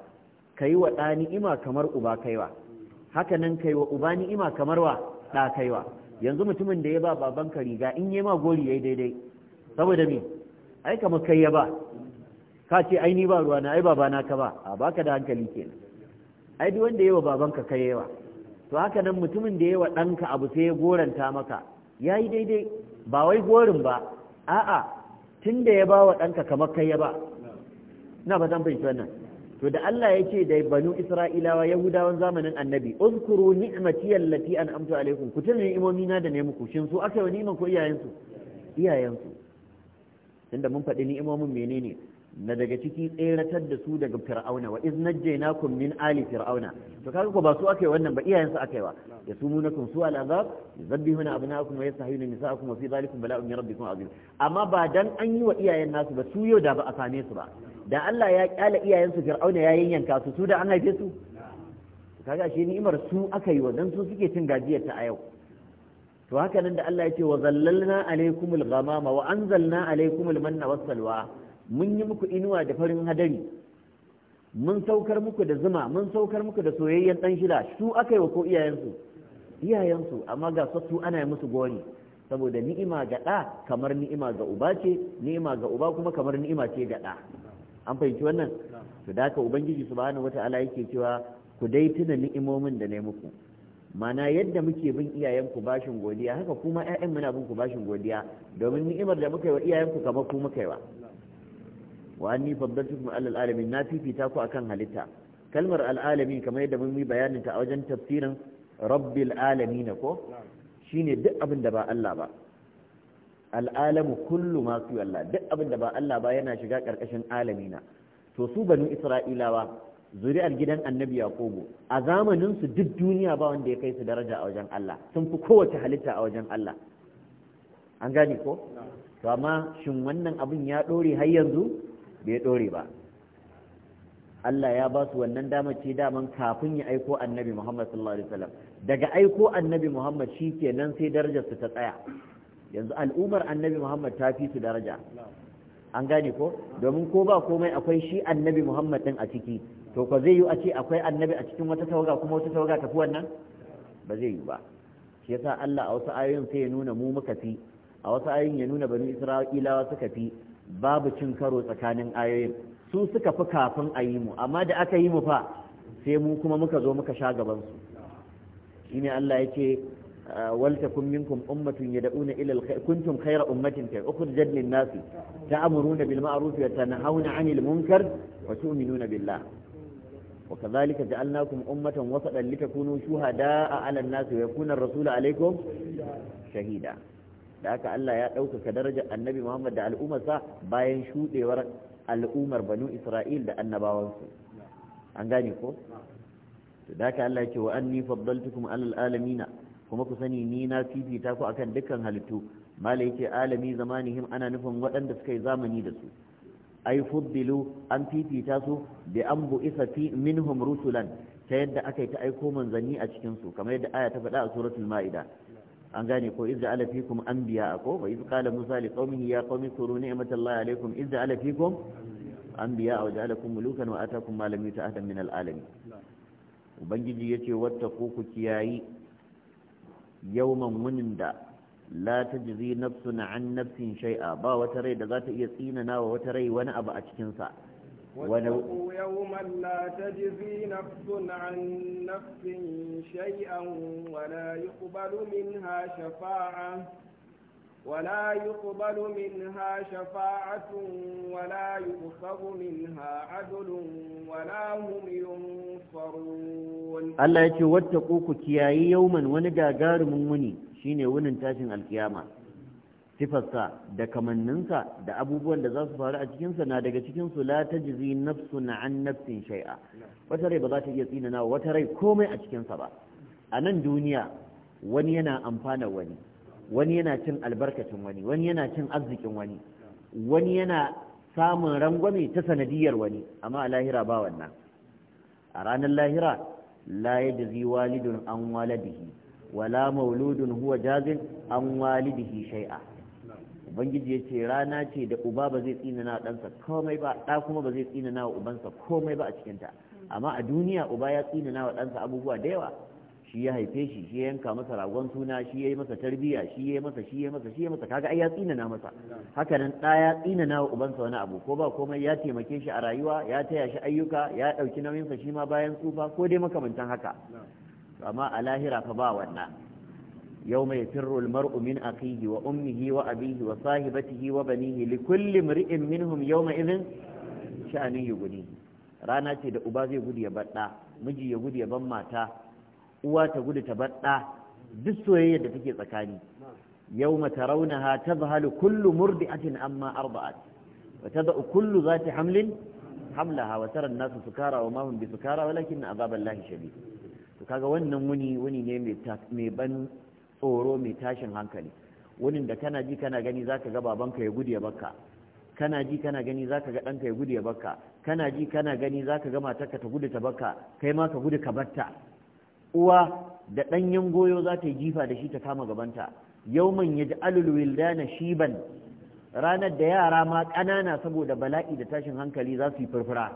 kai wa ɗa ni'ima kamar uba kaiwa haka nan kai wa uba ni'ima kamar wa ɗa kaiwa yanzu mutumin da ya ba babanka riga in yi ma gori yayi daidai saboda me ai kamar kai ya ba ka ce ai ba ruwa na ai babana ka ba a baka da hankali kenan ai duk wanda yawa babanka kai yawa to haka nan mutumin da yawa ɗanka abu sai ya goranta maka yayi daidai ba wai gorin ba a'a tun ya bawa wa ɗanka kamar kai ya ba ina ba zan fahimci wannan to da Allah ya ce da banu Isra'ilawa Yahudawan zamanin Annabi uzkuru ni'mati allati an'amtu alaikum ku tuna ni'imomi na da ne muku shin su aka yi ni'iman ko iyayen su iyayen su tunda mun faɗi ni'imomin menene na daga ciki tseratar da su daga fir'auna wa iz najjaynakum min ali fir'auna to kaga ko ba su akai wannan ba iyayen su akai wa ya su al azab yuzabbihuna abnaakum wa yastahiyuna nisaakum wa fi dhalikum bala'un min rabbikum azim amma ba dan an yi wa iyayen nasu ba su yau da ba a same su ba da Allah ya kyala iyayen su fir'auna ya yanyanka su su da an haife su kaga shi ni'imar su aka yi wa dan su suke cin gajiyar ta a yau to haka nan da Allah ya ce wa zallalna alaikumul ghamama wa anzalna alaikumul manna was salwa mun yi muku inuwa da farin hadari mun saukar muku da zuma mun saukar muku da soyayyen dan shida su aka yi wa ko iyayensu iyayensu amma ga su ana yi musu gori saboda ni'ima ga ɗa kamar ni'ima ga uba ce ni'ima ga uba kuma kamar ni'ima ce ga ɗa an fahimci wannan to da haka ubangiji subhanahu wata'ala yake cewa ku dai tuna ni'imomin da yi muku mana yadda muke bin iyayenku bashin godiya haka kuma 'ya'yan muna bin ku bashin godiya domin ni'imar da muka yi wa iyayenku kamar ku muka yi wa wa anni faddaltukum alal alamin na fifita ku akan halitta kalmar al'alamin kamar yadda mun yi bayanin ta a wajen tafsirin rabbil alamin ko shine duk abin da ba Allah ba al'alamu kullu ma su Allah duk abin da ba Allah ba yana shiga karkashin alamina to su banu isra'ilawa zuri'ar gidan annabi yaqubu a zamanin su duk duniya ba wanda ya kai su daraja a wajen Allah sun fi kowace halitta a wajen Allah an gane ko to amma shin wannan abin ya dore har yanzu bai dore ba Allah ya ba su wannan damar ce daman kafin ya aiko annabi Muhammad sallallahu alaihi wasallam daga aiko annabi Muhammad shikenan sai darajar su ta tsaya yanzu al'ummar annabi Muhammad ta fi su daraja an gane ko domin ko ba komai akwai shi annabi Muhammad din a ciki to ko zai yi a ce akwai annabi a cikin wata tawaga kuma wata tawaga tafi wannan ba zai yi ba shi yasa Allah a wasu ayoyin sai ya nuna mu muka fi a wasu ayoyin ya nuna bani Isra'ilawa suka fi babu cin karo tsakanin ayoyin su suka fi kafin a yi mu amma da aka yi mu fa sai mu kuma muka zo muka sha gabansu shi shine Allah yake ah, wal takum minkum ummatun yad'una ila alkhair kuntum khayra ummatin kai ukhrijat lin nasi ta'muruna bil ma'ruf wa tanhauna 'anil munkar wa tu'minuna billah وكذلك جعلناكم أمة وسطا لتكونوا شهداء wa الناس ويكون الرسول عليكم shahida. da haka Allah ya ɗaukaka darajar annabi Muhammad da al'ummarsa bayan shuɗewar al'ummar banu Isra'il da annabawansu an gane ko to da haka Allah ya ce wa anni faddaltukum alal alamina kuma ku sani ni na fifita ku akan dukkan halittu mala yake alami zamanihim ana nufin waɗanda suka yi zamani da su ai fuddilu an fifita su bi an bu'isa fi minhum rusulan ta yadda aka yi ta aiko manzanni a cikin su kamar yadda aya ta faɗa a suratul ma'ida an gane ko izza ala fikum anbiya ko wa iz qala musa li qaumihi ya qaumi kuru ni'matallahi alaykum izza ala fikum anbiya wa ja'alakum mulukan wa atakum ma lam yuta ahadan min alalamin ubangiji yace wattaqu ku kiyayi yawman wunin da la tajzi nafsun an nafsin shay'a ba wata rai da za ta iya tsinana wa wata rai wani abu a cikin sa واتقوا يوما لا تجزي نفس عن نفس شيئا ولا يقبل منها شفاعة ولا يقبل منها شفاعة ولا يؤخذ منها عدل ولا هم ينصرون الله يتي واتقوك كياي يوما ونجا قارم مني شيني وننتاشن القيامة sifarsa da kamanninsa da abubuwan da za su faru a cikinsa na daga cikinsu la ta jizi nafsun an nafsin shai'a wata rai ba za ta iya tsinana wata rai komai a cikinsa ba a nan duniya wani yana amfana wani wani yana cin albarkacin wani wani yana cin arzikin wani wani yana samun rangwame ta sanadiyar wani amma a lahira ba wannan a ranar lahira la ya jizi walidun an waladihi wala mauludun huwa jazin an walidihi shai'a ubangiji ya ce rana ce da uba ba zai tsinana ɗansa komai ba ɗa kuma ba zai tsinana wa ubansa komai ba a cikinta amma a duniya uba ya tsina wa ɗansa abubuwa da yawa shi ya haife shi shi ya yanka masa ragon suna shi ya yi masa tarbiyya shi ya yi masa shi ya masa shi ya masa kaga ai ya tsinana masa haka nan ɗa ya tsinana wa ubansa wani abu ko ba komai ya taimake shi a rayuwa ya taya shi ayyuka ya ɗauki nauyinsa shi ma bayan tsufa ko dai makamantan haka amma a lahira fa ba wannan Yau يوم يفر المرء من أخيه وأمه وأبيه وصاحبته وبنيه لكل امرئ منهم يومئذ شأن يغنيه rana ce da uba zai gudu ya baɗa miji ya gudu ya ban uwa ta gudu ta baɗa duk soyayyar da take tsakani yau mata raunaha ta zahalu kullu murdi'atin amma arba'at wa ta za'u kullu za ta hamlin hamlaha wa taran nasu sukara wa mahun bi sukara walakin na azaban lahi shadid to kaga wannan wuni wuni ne mai ban tsoro mai tashin hankali wurin da kana ji kana gani zaka ga babanka ya gudu ya bakka kana ji kana gani zaka ga ɗanka ya gudu ya bakka kana ji kana gani zaka ga matarka ta gudu ta bakka kai ma ka gudu ka batta uwa da ɗanyen goyo za ta yi jifa da shi ta kama gabanta yauman ya ji alulwildana shiban ranar da yara ma kanana saboda bala'i da tashin hankali za su yi furfura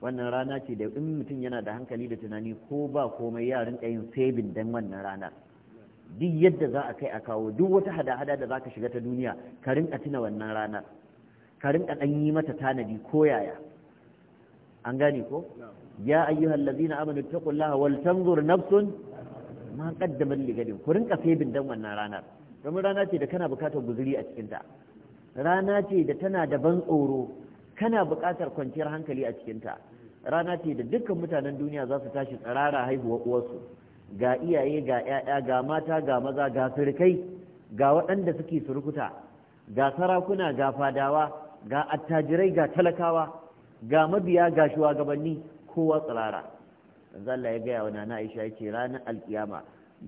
wannan rana ce da in mutum yana da hankali da tunani ko ba komai ya rinka yin sabin dan wannan ranar duk yadda za a kai a kawo duk wata hada-hada da za ka shiga ta duniya ka rinka tuna wannan ranar ka rinka ɗan yi mata tanadi ko yaya an gane ko ya ayyuhal ladzina amanu taqullaha wal tanzur nafsun ma qaddamat li gadin ku rinka sabin dan wannan ranar domin rana ce da kana bukatar guzuri a cikinta rana ce da tana da ban tsoro kana buƙatar kwanciyar hankali a cikinta rana ce da dukkan mutanen duniya za su tashi tsirara haihuwar uwarsu ga iyaye ga 'ya'ya ga mata ga maza ga surukai ga waɗanda suke surukuta ga sarakuna ga fadawa ga attajirai ga talakawa ga mabiya ga shugabanni kowa tsirara yanzu Allah ya gaya wa nana Aisha yace ranar alkiyama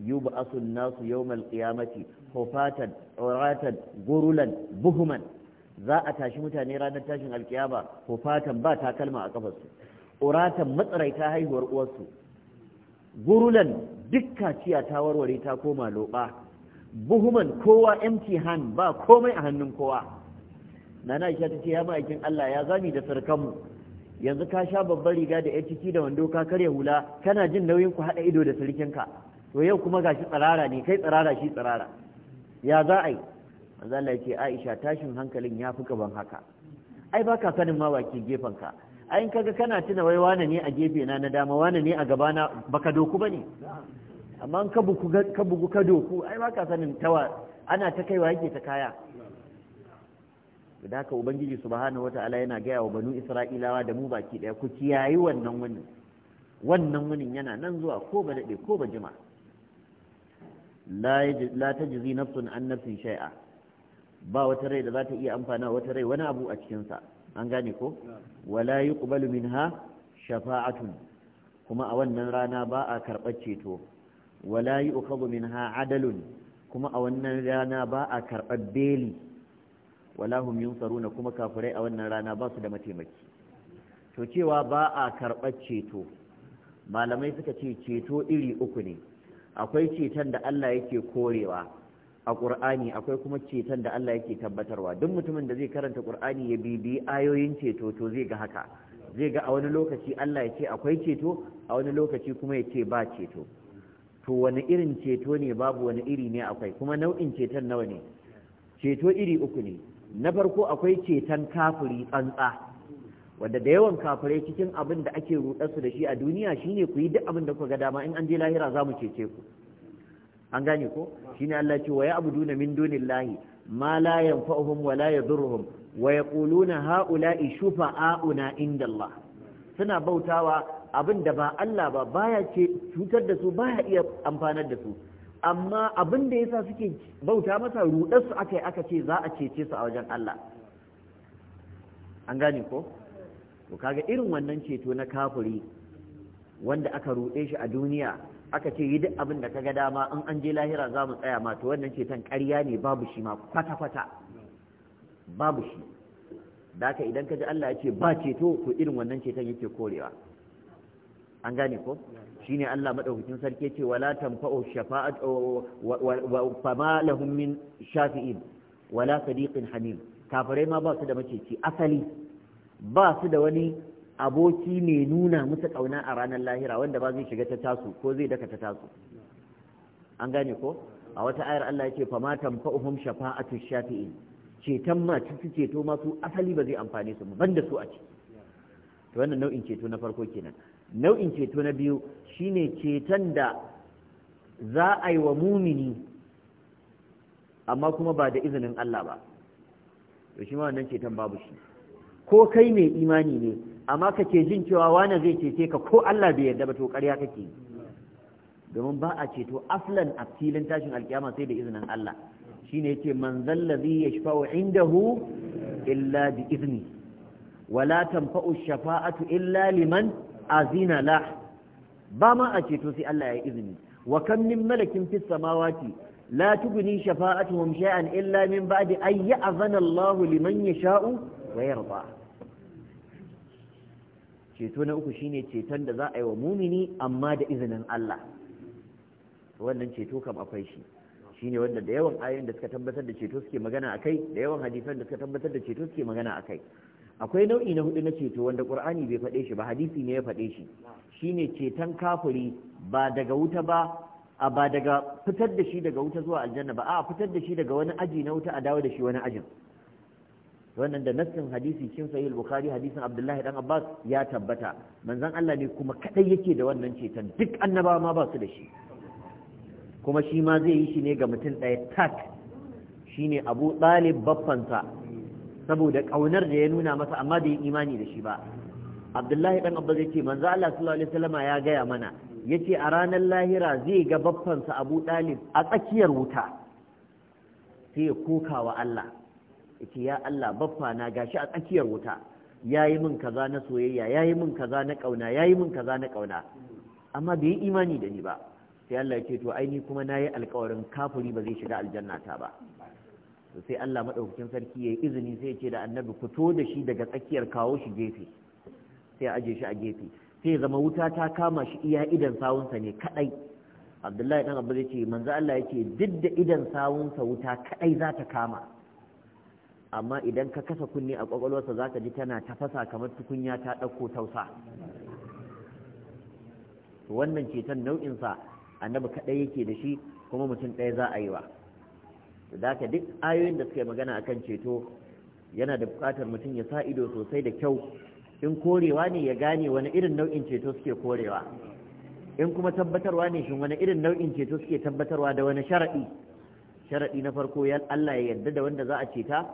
yubu asun nasu yawmal qiyamati hufatan uratan gurulan buhuman za a tashi mutane ranar tashin ko fatan ba takalma a kafarsu uratan matsaraita haihuwar uwarsu gurulan duk kaciya ta warware ta koma loɓa buhuman kowa empty hand ba komai a hannun kowa nana aisha ta ce ya ma'aikin Allah ya zami da sarkanmu yanzu ka sha babbar riga da yan ciki da wando ka karya hula kana jin nauyin ku haɗa ido da sarkinka to yau kuma gashi tsirara ne kai tsirara shi tsirara ya za yi manzo Allah ce Aisha tashin hankalin ya fi gaban haka ai baka sanin ma baki gefen ka ai kaga kana tuna wai wane ne a gefe na na dama wane ne a gaba na baka doku bane amma ka buku ka bugu ka doku ai baka sanin tawa ana ta kaiwa yake ta kaya da haka ubangiji subhanahu wataala yana gaya wa banu isra'ilawa da mu baki daya ku kiyayi wannan wani. wannan wani yana nan zuwa ko ba daɗe ko ba jima la tajzi nafsun an nafsin shay'a ba wata rai da za ta iya amfana wata rai wani abu a cikinsa an gane ko wala yuqbalu minha shafa'atun kuma a wannan rana ba a karɓar ceto wala yu'khadhu minha adalun kuma a wannan rana ba a karɓar beli wala hum yunsaruna kuma kafurai a wannan rana ba su da mataimaki to cewa ba a karɓar ceto malamai suka ce ceto iri uku ne akwai ceton da Allah yake korewa a ƙur'ani akwai kuma ceton da Allah yake tabbatarwa duk mutumin da zai karanta ƙur'ani ya bibi ayoyin ceto to zai ga haka zai ga a wani lokaci Allah ya ce akwai ceto a wani lokaci kuma ya ce ba ceto to wani irin ceto ne babu wani iri ne akwai kuma nau'in ceton nawa ne ceto iri uku ne na farko akwai ceton kafiri tsantsa wanda da yawan kafirai cikin abin da ake rudar da shi a duniya shine ku yi duk abin da kuka ga dama in an je lahira za mu cece ku an gane ko shine Allah ce wa ya'buduna min dunillahi ma la yanfa'uhum wa la yadhurruhum wa yaquluna ha'ula'i shufa'auna indallah suna bautawa abin da ba Allah ba baya ce cutar da su baya iya amfanar da su amma abin da yasa suke bauta masa rudar su akai aka ce za a cece su a wajen Allah an gane ko to kaga irin wannan ceto na kafuri wanda aka ruɗe shi a duniya aka ce yi duk abin da ka ga dama in an je lahira za mu tsaya ma to wannan ceton ƙarya ne babu shi ma kwata-kwata babu shi da idan ka ji Allah ya ce ba ceto ko irin wannan ceton yake korewa an gane ko ne Allah madaukakin sarki ce wala tanfa'u shafa'at wa fama lahum min shafi'in wala sadiqin hamim kafirai ma ba su da maceci asali ba su da wani aboki ne nuna musu ƙauna a ranar lahira wanda ba zai shiga ta tasu ko zai daka ta tasu an gane ko a wata ayar Allah yake fa matan uhum shafa'atu shafi'in Cetan ma su ceto ma su asali ba zai amfane su ban su a ci. to wannan nau'in ceto na farko kenan nau'in ceto na biyu shine ceton da za a yi wa mumini amma kuma ba da izinin Allah ba to shi ma wannan ceton babu shi ko kai mai imani ne amma kake jin cewa wani zai cece ka ko Allah bai yarda ba to ƙarya kake domin ba a ceto aslan a filin tashin alkiyama sai da izinin Allah shine yace man zallazi yashfa'u indahu illa bi izni wala tanfa'u shafa'atu illa liman azina la ba ma a ceto sai Allah ya izini wa kam min malakin fis samawati la tubni shafa'atuhum shay'an illa min ba'di ay ya'zana Allah liman yasha'u wa yarda ceto na uku shine ceton da za a yi wa mumini amma da izinin Allah wannan ceto kam akwai shi shine wanda da yawan ayoyin da suka tabbatar da ceto suke magana akai da yawan hadisan da suka tabbatar da ceto suke magana akai akwai nau'i na hudu na ceto wanda qur'ani bai faɗe shi ba hadisi ne ya faɗe shi shine ceton kafuri ba daga wuta ba a ba daga fitar da shi daga wuta zuwa aljanna ba a fitar da shi daga wani aji na wuta a dawo da shi wani ajin wannan da nassin hadisi cikin sahih bukhari hadisin abdullahi dan abbas ya tabbata manzon Allah ne kuma kadai yake da wannan ceton duk annabawa ma ba su da shi kuma shi ma zai yi shi ne ga mutum ɗaya tak Shi ne abu ɗalib baffansa saboda ƙaunar da ya nuna masa amma yi imani da shi ba abdullahi dan abbas ya ce manzo Allah sallallahu alaihi wasallama ya gaya mana yace a ranar lahira zai ga baffansa abu ɗalib a tsakiyar wuta sai ya koka wa Allah yace ya Allah baffa na gashi a tsakiyar wuta yayi min kaza na soyayya yayi min kaza na kauna yayi min kaza na kauna amma bai yi imani da ni ba sai Allah ya ce to ai ni kuma nayi alƙawarin kafuri ba zai shiga aljanna ta ba sai Allah madaukakin sarki yayi izini sai ya ce da annabi fito da shi daga tsakiyar kawo shi gefe sai ya aje shi a gefe sai zama wuta ta kama shi iya idan sawunsa ne kadai abdullahi dan abu zai ce manzo Allah ya ce duk da idan sawunsa wuta kadai za ta kama amma idan ka kasa kunne a kwakwalwarsa za ka ji tana tafasa kamar tukunya ta ɗauko tausa wannan ceton nau'insa annabi kaɗai yake da shi kuma mutum ɗaya za a yi wa da ka duk ayoyin da suka yi magana akan ceto yana da buƙatar mutum ya sa ido sosai da kyau in korewa ne ya gane wani irin nau'in ceto suke korewa in kuma tabbatarwa ne shin wani irin nau'in ceto suke tabbatarwa da wani sharaɗi sharaɗi na farko ya Allah ya yarda da wanda za a ceta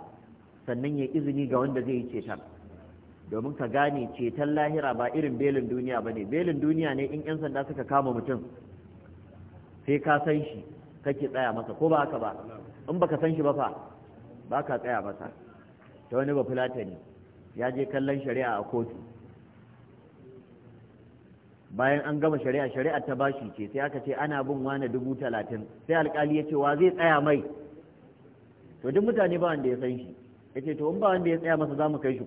sannan ya izini ga wanda zai yi ceton domin ka gane ceton lahira ba irin belin duniya ba ne belin duniya ne in 'yan sanda suka kama mutum sai ka san shi kake tsaya masa ko ba haka ba in baka san shi ba fa ba ka tsaya masa ta wani ba ne ya je kallon shari'a a kotu bayan an gama shari'a shari'a ta bashi ce sai aka ce ana bin wane dubu talatin sai alkali ya ce wa zai tsaya mai to duk mutane ba wanda ya san shi ce to in ba wanda ya tsaya masa za kai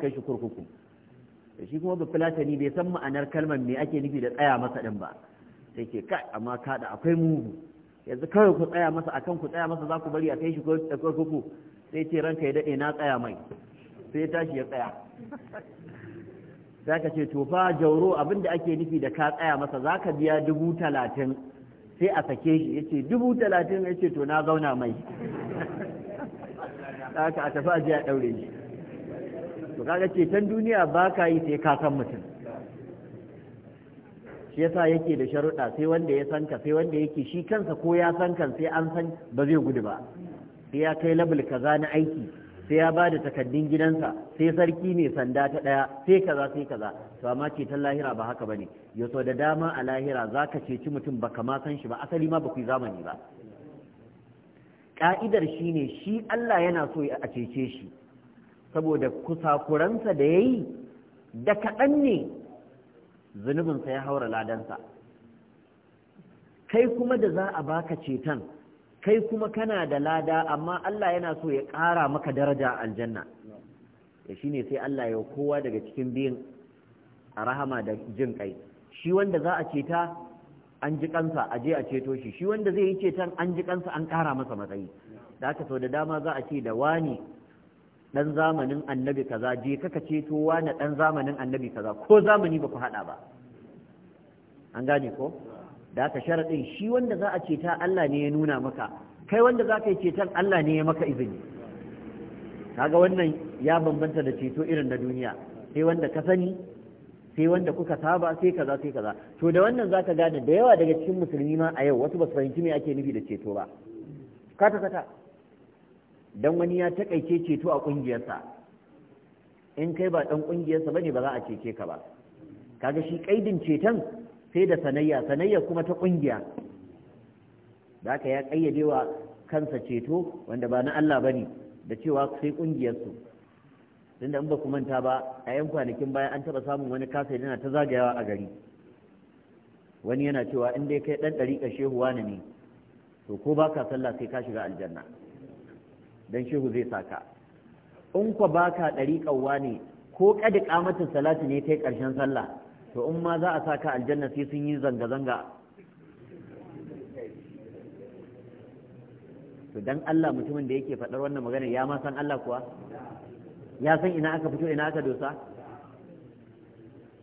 kai shi kurkuku shi kuma ba fulatani bai san ma'anar kalmar me ake nufi da tsaya masa din ba sai ke kai amma kada akwai mugu yanzu kawai ku tsaya masa akan ku tsaya masa za ku bari a kai shi kurkuku sai ce ranka ya daɗe na tsaya mai sai tashi ya tsaya zaka ka ce to fa jauro abinda ake nufi da ka tsaya masa za ka biya dubu talatin sai a sake shi ya ce dubu talatin ya ce to na zauna mai haka a tafi daure shi to kaga ceton duniya ba ka yi sai ka san mutum shi yasa yake da sharuɗa sai wanda ya san ka sai wanda yake shi kansa ko ya san kan sai an san ba zai gudu ba sai ya kai labul kaza na aiki sai ya ba da takaddun gidansa sai sarki ne sanda ta ɗaya sai kaza sai kaza to amma ceton lahira ba haka bane ne da dama a lahira zaka ce ceci mutum ba ma san shi ba asali ma ba ku zamani ba ka'idar shi ne shi Allah yana so a cece shi saboda kusakuransa da ya yi da kaɗan ne zunubinsa ya haura ladansa kai kuma da za a baka ceton kai kuma kana da lada amma Allah yana so ya ƙara maka daraja a aljanna da shi ne sai Allah ya kowa daga cikin biyun a rahama da jin kai shi wanda za a ceta an ji kansa a je a ceto shi shi wanda zai yi ceton an ji kansa an ƙara masa matsayi da aka sau da dama za a ce da wani dan zamanin annabi kaza je kaka ceto wani dan zamanin annabi kaza ko zamani ba ku haɗa ba an gane ko da aka sharaɗin shi wanda za a ceta Allah ne ya nuna maka kai wanda za ka yi ceton Allah ne ya maka izini kaga wannan ya bambanta da ceto irin na duniya sai wanda ka sani sai wanda kuka saba sai kaza sai kaza to da wannan zaka gane da yawa daga cikin musulmi ma a yau wasu ba su fahimci me ake nufi da ceto ba kata kata dan wani ya takaice ceto a kungiyarsa in kai ba dan kungiyarsa bane ba za a cece ka ba kaga shi kaidin ceton sai da sanayya sanayya kuma ta kungiya zaka ya kayyade wa kansa ceto wanda ba na Allah bane da cewa sai su. tunda in ba ku manta ba a yan kwanakin baya an taɓa samun wani kasa yana ta zagayawa a gari wani yana cewa in dai kai ɗan ɗariƙa shehu wani ne to ko ba ka sallah sai ka shiga aljanna dan shehu zai saka in ku ba ka ɗariƙa wani ko kada kamatin salati ne kai ƙarshen sallah to in ma za a saka aljanna sai sun yi zanga-zanga to dan Allah mutumin da yake faɗar wannan magana ya ma san Allah kuwa ya san ina aka fito ina aka dosa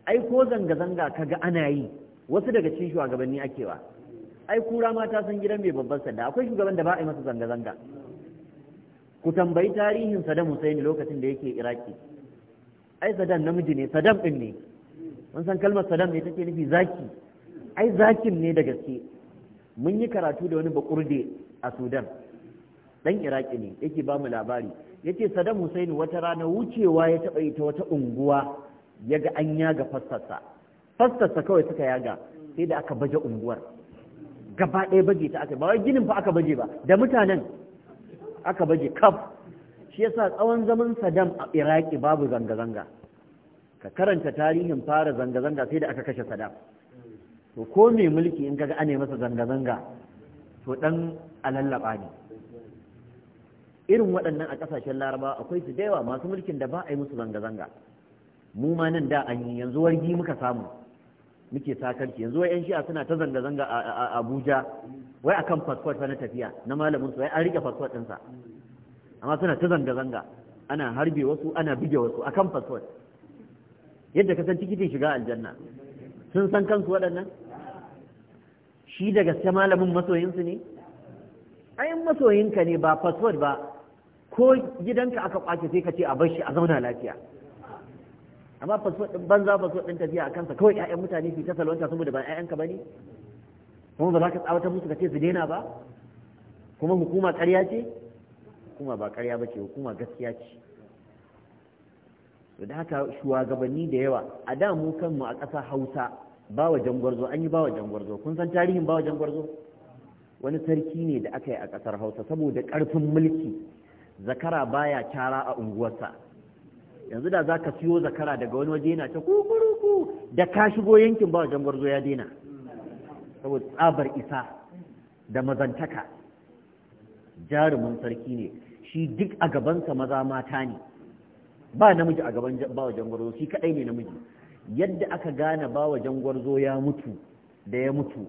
ai ko zanga-zanga kaga ana yi wasu daga cikin shugabanni akewa ai kura mata ta san gidan mai babban sanda akwai shugaban da ba a yi masa zanga-zanga ku tambayi tarihin Saddam Hussein lokacin da yake Iraki ai Saddam namiji ne Saddam din ne mun san kalmar Saddam ne take nufi zaki ai zakin ne da gaske mun yi karatu da wani bakurde a Sudan dan iraki ne yake ba mu labari yace Sadan Musaini wata rana wucewa ya taba yi ta wata unguwa yaga an yaga fassarsa fassarsa kawai suka yaga sai da aka baje unguwar gaba ɗaya baje ta aka ba wai ginin fa aka baje ba da mutanen aka baje kaf shi yasa tsawon zaman Sadan a Iraki babu zanga zanga ka karanta tarihin fara zanga zanga sai da aka kashe Sadan. to ko mai mulki in kaga ane masa zanga zanga to dan alallaba ne irin waɗannan a ƙasashen laraba akwai su da yawa masu mulkin da ba a yi musu zanga-zanga mu ma nan da an yi yanzu wargi muka samu muke sakarci yanzu wai 'yan shi'a suna ta zanga-zanga a abuja wai akan fasfot fa na tafiya na malamin su wai an rike fasfot ɗinsa amma suna ta zanga-zanga ana harbe wasu ana buge wasu akan fasfot yadda ka san tikitin shiga aljanna sun san kansu waɗannan shi daga gaske malamin masoyinsu ne ayin masoyinka ne ba fasfot ba ko gidanka aka kwace sai ka ce a bar shi a zauna lafiya amma faso din banza fasfot din tafiya a kansa kawai ƴaƴan mutane su ta salwanta saboda ba ƴaƴanka bane kuma ba za ka tsawatar musu ka ce su daina ba kuma hukuma ƙarya ce hukuma ba ƙarya ba ce hukuma gaskiya ce da haka shugabanni da yawa a da mu kanmu a ƙasa hausa ba wa jangwarzo an yi ba wa jangwarzo kun san tarihin ba wa jangwarzo wani sarki ne da aka yi a ƙasar hausa saboda ƙarfin mulki zakara baya cara a unguwarsa yanzu da zaka siyo zakara daga wani waje yana ta kukuruku da ka shigo yankin ba wajen gwarzo ya daina saboda tsabar isa da mazantaka jarumin sarki ne shi duk a gabansa maza mata ne ba namiji a gaban ba wajen gwarzo shi kadai ne namiji yadda aka gane ba wajen gwarzo ya mutu da ya mutu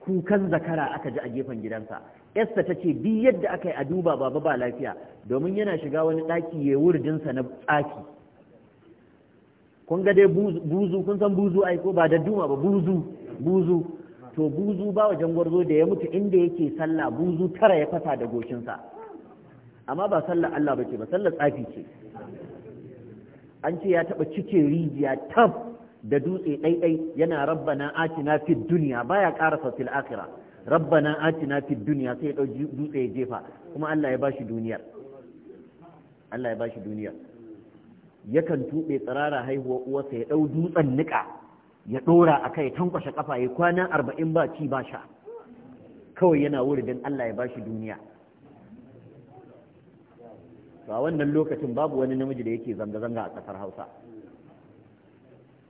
kukan zakara aka ji a gefen gidansa yasta ta ce bi yadda aka yi a duba baba ba lafiya domin yana shiga wani ɗaki ya wurdinsa na tsaki kun ga dai buzu kun san buzu ai ko ba da duma ba buzu buzu to buzu ba wajen gwarzo da ya mutu inda yake sallah buzu tara ya fasa da goshinsa amma ba sallar Allah ba ce ba sallar tsafi ce an ce ya taɓa cike rijiya tab da dutse ɗaiɗai yana rabbana atina fid duniya baya ƙarasa fil akhirah rabbana atina fi duniya sai ya dau dutse ya jefa kuma Allah ya bashi duniyar Allah ya bashi yakan tuɓe tsirara haihuwa uwarsa ya ɗau dutsen niƙa ya ɗora a kai tankwashe kafa ya kwana arba'in ba ci ba sha kawai yana wuridin Allah ya bashi duniya a wannan lokacin babu wani namiji da yake zanga-zanga a ƙasar Hausa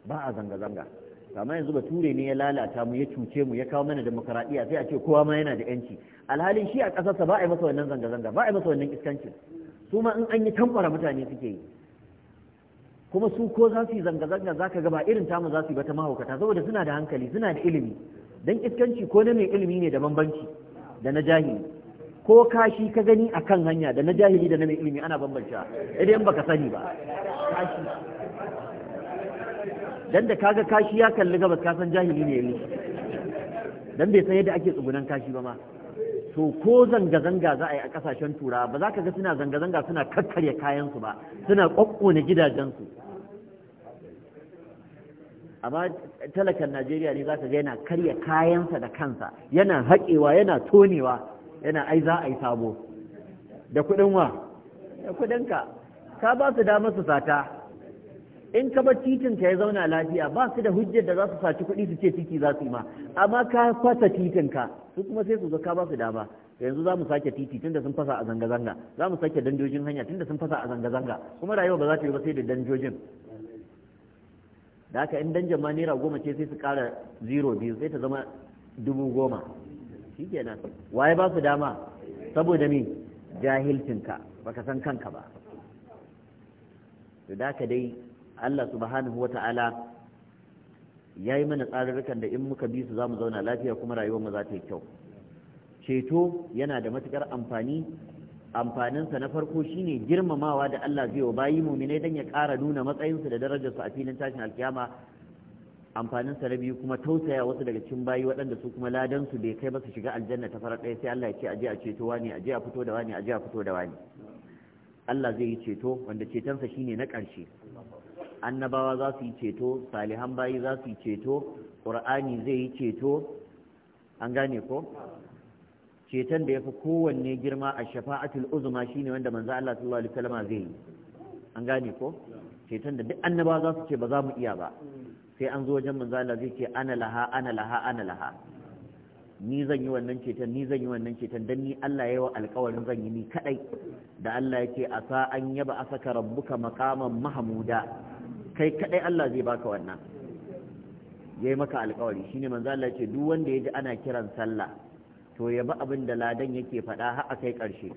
ba a zanga-zanga amma yanzu bature ne ya lalata mu ya cuce mu ya kawo mana demokaradiyya sai a ce kowa ma yana da yanci alhalin shi a kasarsa ba a yi masa wannan zanga-zanga ba a yi masa wannan iskanci su ma in an yi tamfara mutane suke yi kuma su ko za su yi zanga-zanga za ka gaba irin tamu za su yi bata mahaukata saboda suna da hankali suna da ilimi don iskanci ko na mai ilimi ne da bambanci da na jahili ko kashi ka gani akan hanya da na jahili da na mai ilimi ana bambanta idan baka sani ba kashi dan da kaga kashi ya kalli gabas ka san jahili ne yayi dan bai san yadda ake tsugunan kashi ba ma to ko zanga-zanga za a yi a kasashen tura ba za ka ga suna zanga-zanga suna kakkarya kayansu ba suna gidajen gidajensu amma talakan najeriya ne za ka ga yana karya kayansa da kansa yana haƙewa yana tonewa yana ai za a yi sabo da kuɗin wa da kuɗinka ka ba su damar su sata in ka bar titin ka ya zauna lafiya ba su da hujjar da za su saci kuɗi su ce titi za su yi ma amma ka fasa titin ka su kuma sai su zo ka ba su dama yanzu za mu sake titi tunda sun fasa a zanga-zanga za mu sake danjojin hanya tunda sun fasa a zanga-zanga kuma rayuwa ba za ta yi ba sai da danjojin da haka in danjan ma naira goma ce sai su ƙara zero biyu sai ta zama dubu goma shi kenan waye ba su dama saboda me jahilcinka baka san kanka ba to da haka dai Allah subhanahu wa ta'ala ya yi mana tsarurrukan da in muka bi su za mu zauna lafiya kuma rayuwarmu za ta yi kyau ceto yana da matukar amfani amfaninsa na farko shine girmamawa da Allah zai wa bayi muminai dan ya ƙara nuna matsayinsu da darajarsu a filin tashin alkiyama amfaninsa na biyu kuma tausaya wasu daga cikin bayi waɗanda su kuma ladansu bai kai ba su shiga aljanna ta farar ɗaya sai Allah ya ce aje a ceto wani aje a fito da wani aje a fito da wani Allah zai yi ceto wanda cetonsa shine na ƙarshe annabawa za su yi ceto salihan bayi za su yi ceto ƙur'ani zai yi ceto an gane ko ceton da ya fi kowanne girma a shafa'atul uzma shine wanda manzo Allah sallallahu alaihi wasallam zai yi an gane ko ceton da duk annabawa za su ce ba za mu iya ba sai an zo wajen manzo Allah zai ce ana laha ana laha ana laha ni zan yi wannan ceton ni zan yi wannan ceton dan ni Allah ya yi wa alƙawarin zan yi ni kadai da Allah ya ce asa an yaba asaka rabbuka maqaman mahmuda kai kadai Allah zai baka wannan yayi maka alƙawari shine manzo Allah ce duk wanda ya ji ana kiran sallah to ya bi abin da ladan yake faɗa har a kai ƙarshe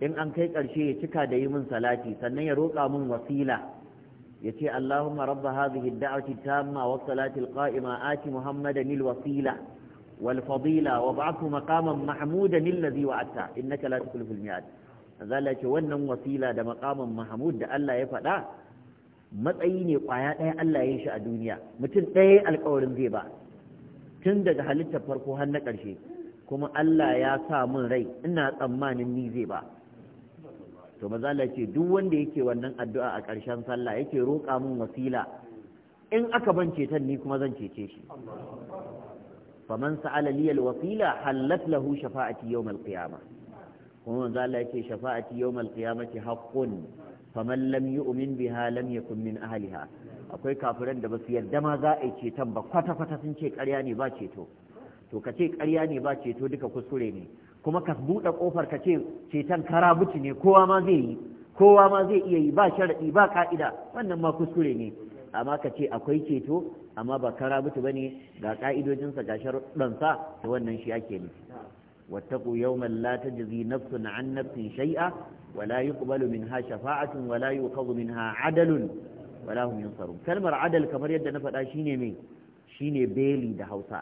in an kai ƙarshe ya cika da yi min salati sannan ya roƙa min wasila ya ce Allahumma rabba hadhihi ad-da'wati tamma wa salati al-qa'ima ati Muhammadan al-wasila wal fadila wa ba'athu maqaman mahmudan alladhi wa'ata innaka la tukhlifu al-mi'ad zalla ce wannan wasila da maqaman mahmud da Allah ya faɗa matsayi ne kwaya ɗaya Allah ya yi shi a duniya mutum ɗaya alkawarin zai ba tun daga halittar farko har na ƙarshe kuma Allah ya sa min rai ina tsammanin ni zai ba to maza ce duk wanda yake wannan addu'a a ƙarshen sallah yake roƙa min wasila in aka ban ceton ni kuma zan cece shi faman sa'ala liya alwasila hallat lahu shafa'ati yawm alqiyama kuma manzo yake shafa'ati yawm alqiyamati haqqun faman lam yu'min biha lam yakun min ahliha akwai kafiran da basu yarda ma za a yi ceton ba kwata kwata sun ce ƙarya ne ba ceto to ka ce ƙarya ne ba ceto duka kuskure ne kuma ka buɗe ƙofar ka ce ceton buci ne kowa ma zai yi kowa ma zai iya yi ba sharaɗi ba ka'ida wannan ma kuskure ne amma ka ce akwai ceto amma ba kara ba bane ga ƙa'idojinsa ga sharuɗansa to wannan shi ake nufi واتقوا يوما لا تجزي نفس عن نفس شيئا ولا يقبل منها شفاعة ولا يؤخذ منها عدل ولا هم ينصرون كلمة عدل كما يد نفدا شيني مي شيني بيلي ده هوسا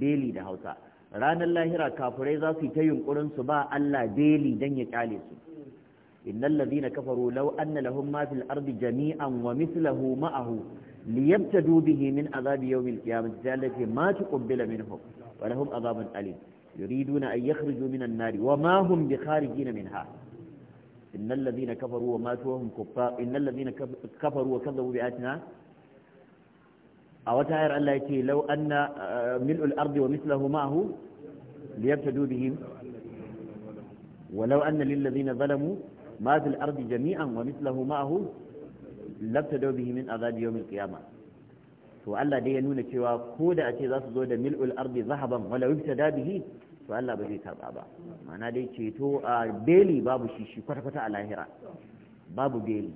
بيلي ده هوسا ران الله هرا كافري ذا في تيم قرن سبا الله بيلي دن يكالي إن الذين كفروا لو أن لهم ما في الأرض جميعا ومثله معه ليبتدوا به من عذاب يوم القيامة التي ما تقبل منهم ولهم عذاب أليم يريدون أن يخرجوا من النار وما هم بخارجين منها إن الذين كفروا وماتوا وهم كفار إن الذين كفروا وكذبوا بآياتنا أو تعير الله يتي لو أن آه، ملء الأرض ومثله معه ليبتدوا بهم ولو أن للذين ظلموا ما في الأرض جميعا ومثله معه لابتدوا به من عذاب يوم القيامة فألا دينون كوا ya أتي ذات ملء الأرض ذهبا ولو ابتدى به to Allah ba zai taba ba ma'ana dai ceto a beli babu shi shi kwata-kwata a lahira babu beli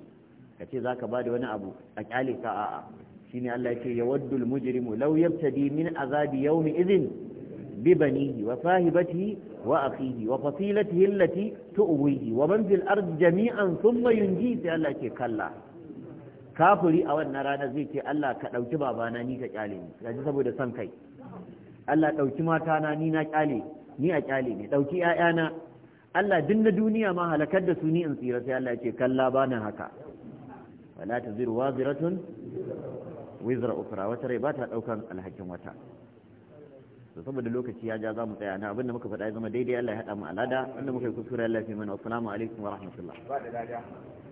ka ce za ka ba da wani abu a kyale ka a'a shine Allah ce ya waddul mujrimu law yabtadi min azabi yawmi izin bi banihi wa sahibatihi wa akhihi wa fasilatihi allati tu'wihi wa man fil ardi jami'an thumma yunji sai Allah ke kalla Kafuri a wannan rana zai ce Allah ka dauki babana ni ka kyale ni saboda son kai Allah dauki mata na ni na kyale ni a kyale ne ɗauki ‘ya'yana Allah duk na duniya ma halakar da su ni in tsira sai Allah ce kalla ba na haka wala ta ziru wa ziratun wizra ukra wata rai ba ta ɗaukan alhakin wata to saboda lokaci ya ja za mu tsaya na abin da muka faɗa ya zama daidai Allah ya haɗa mu alada wanda muka yi kuskure Allah ya fi mana assalamu alaikum wa rahmatullah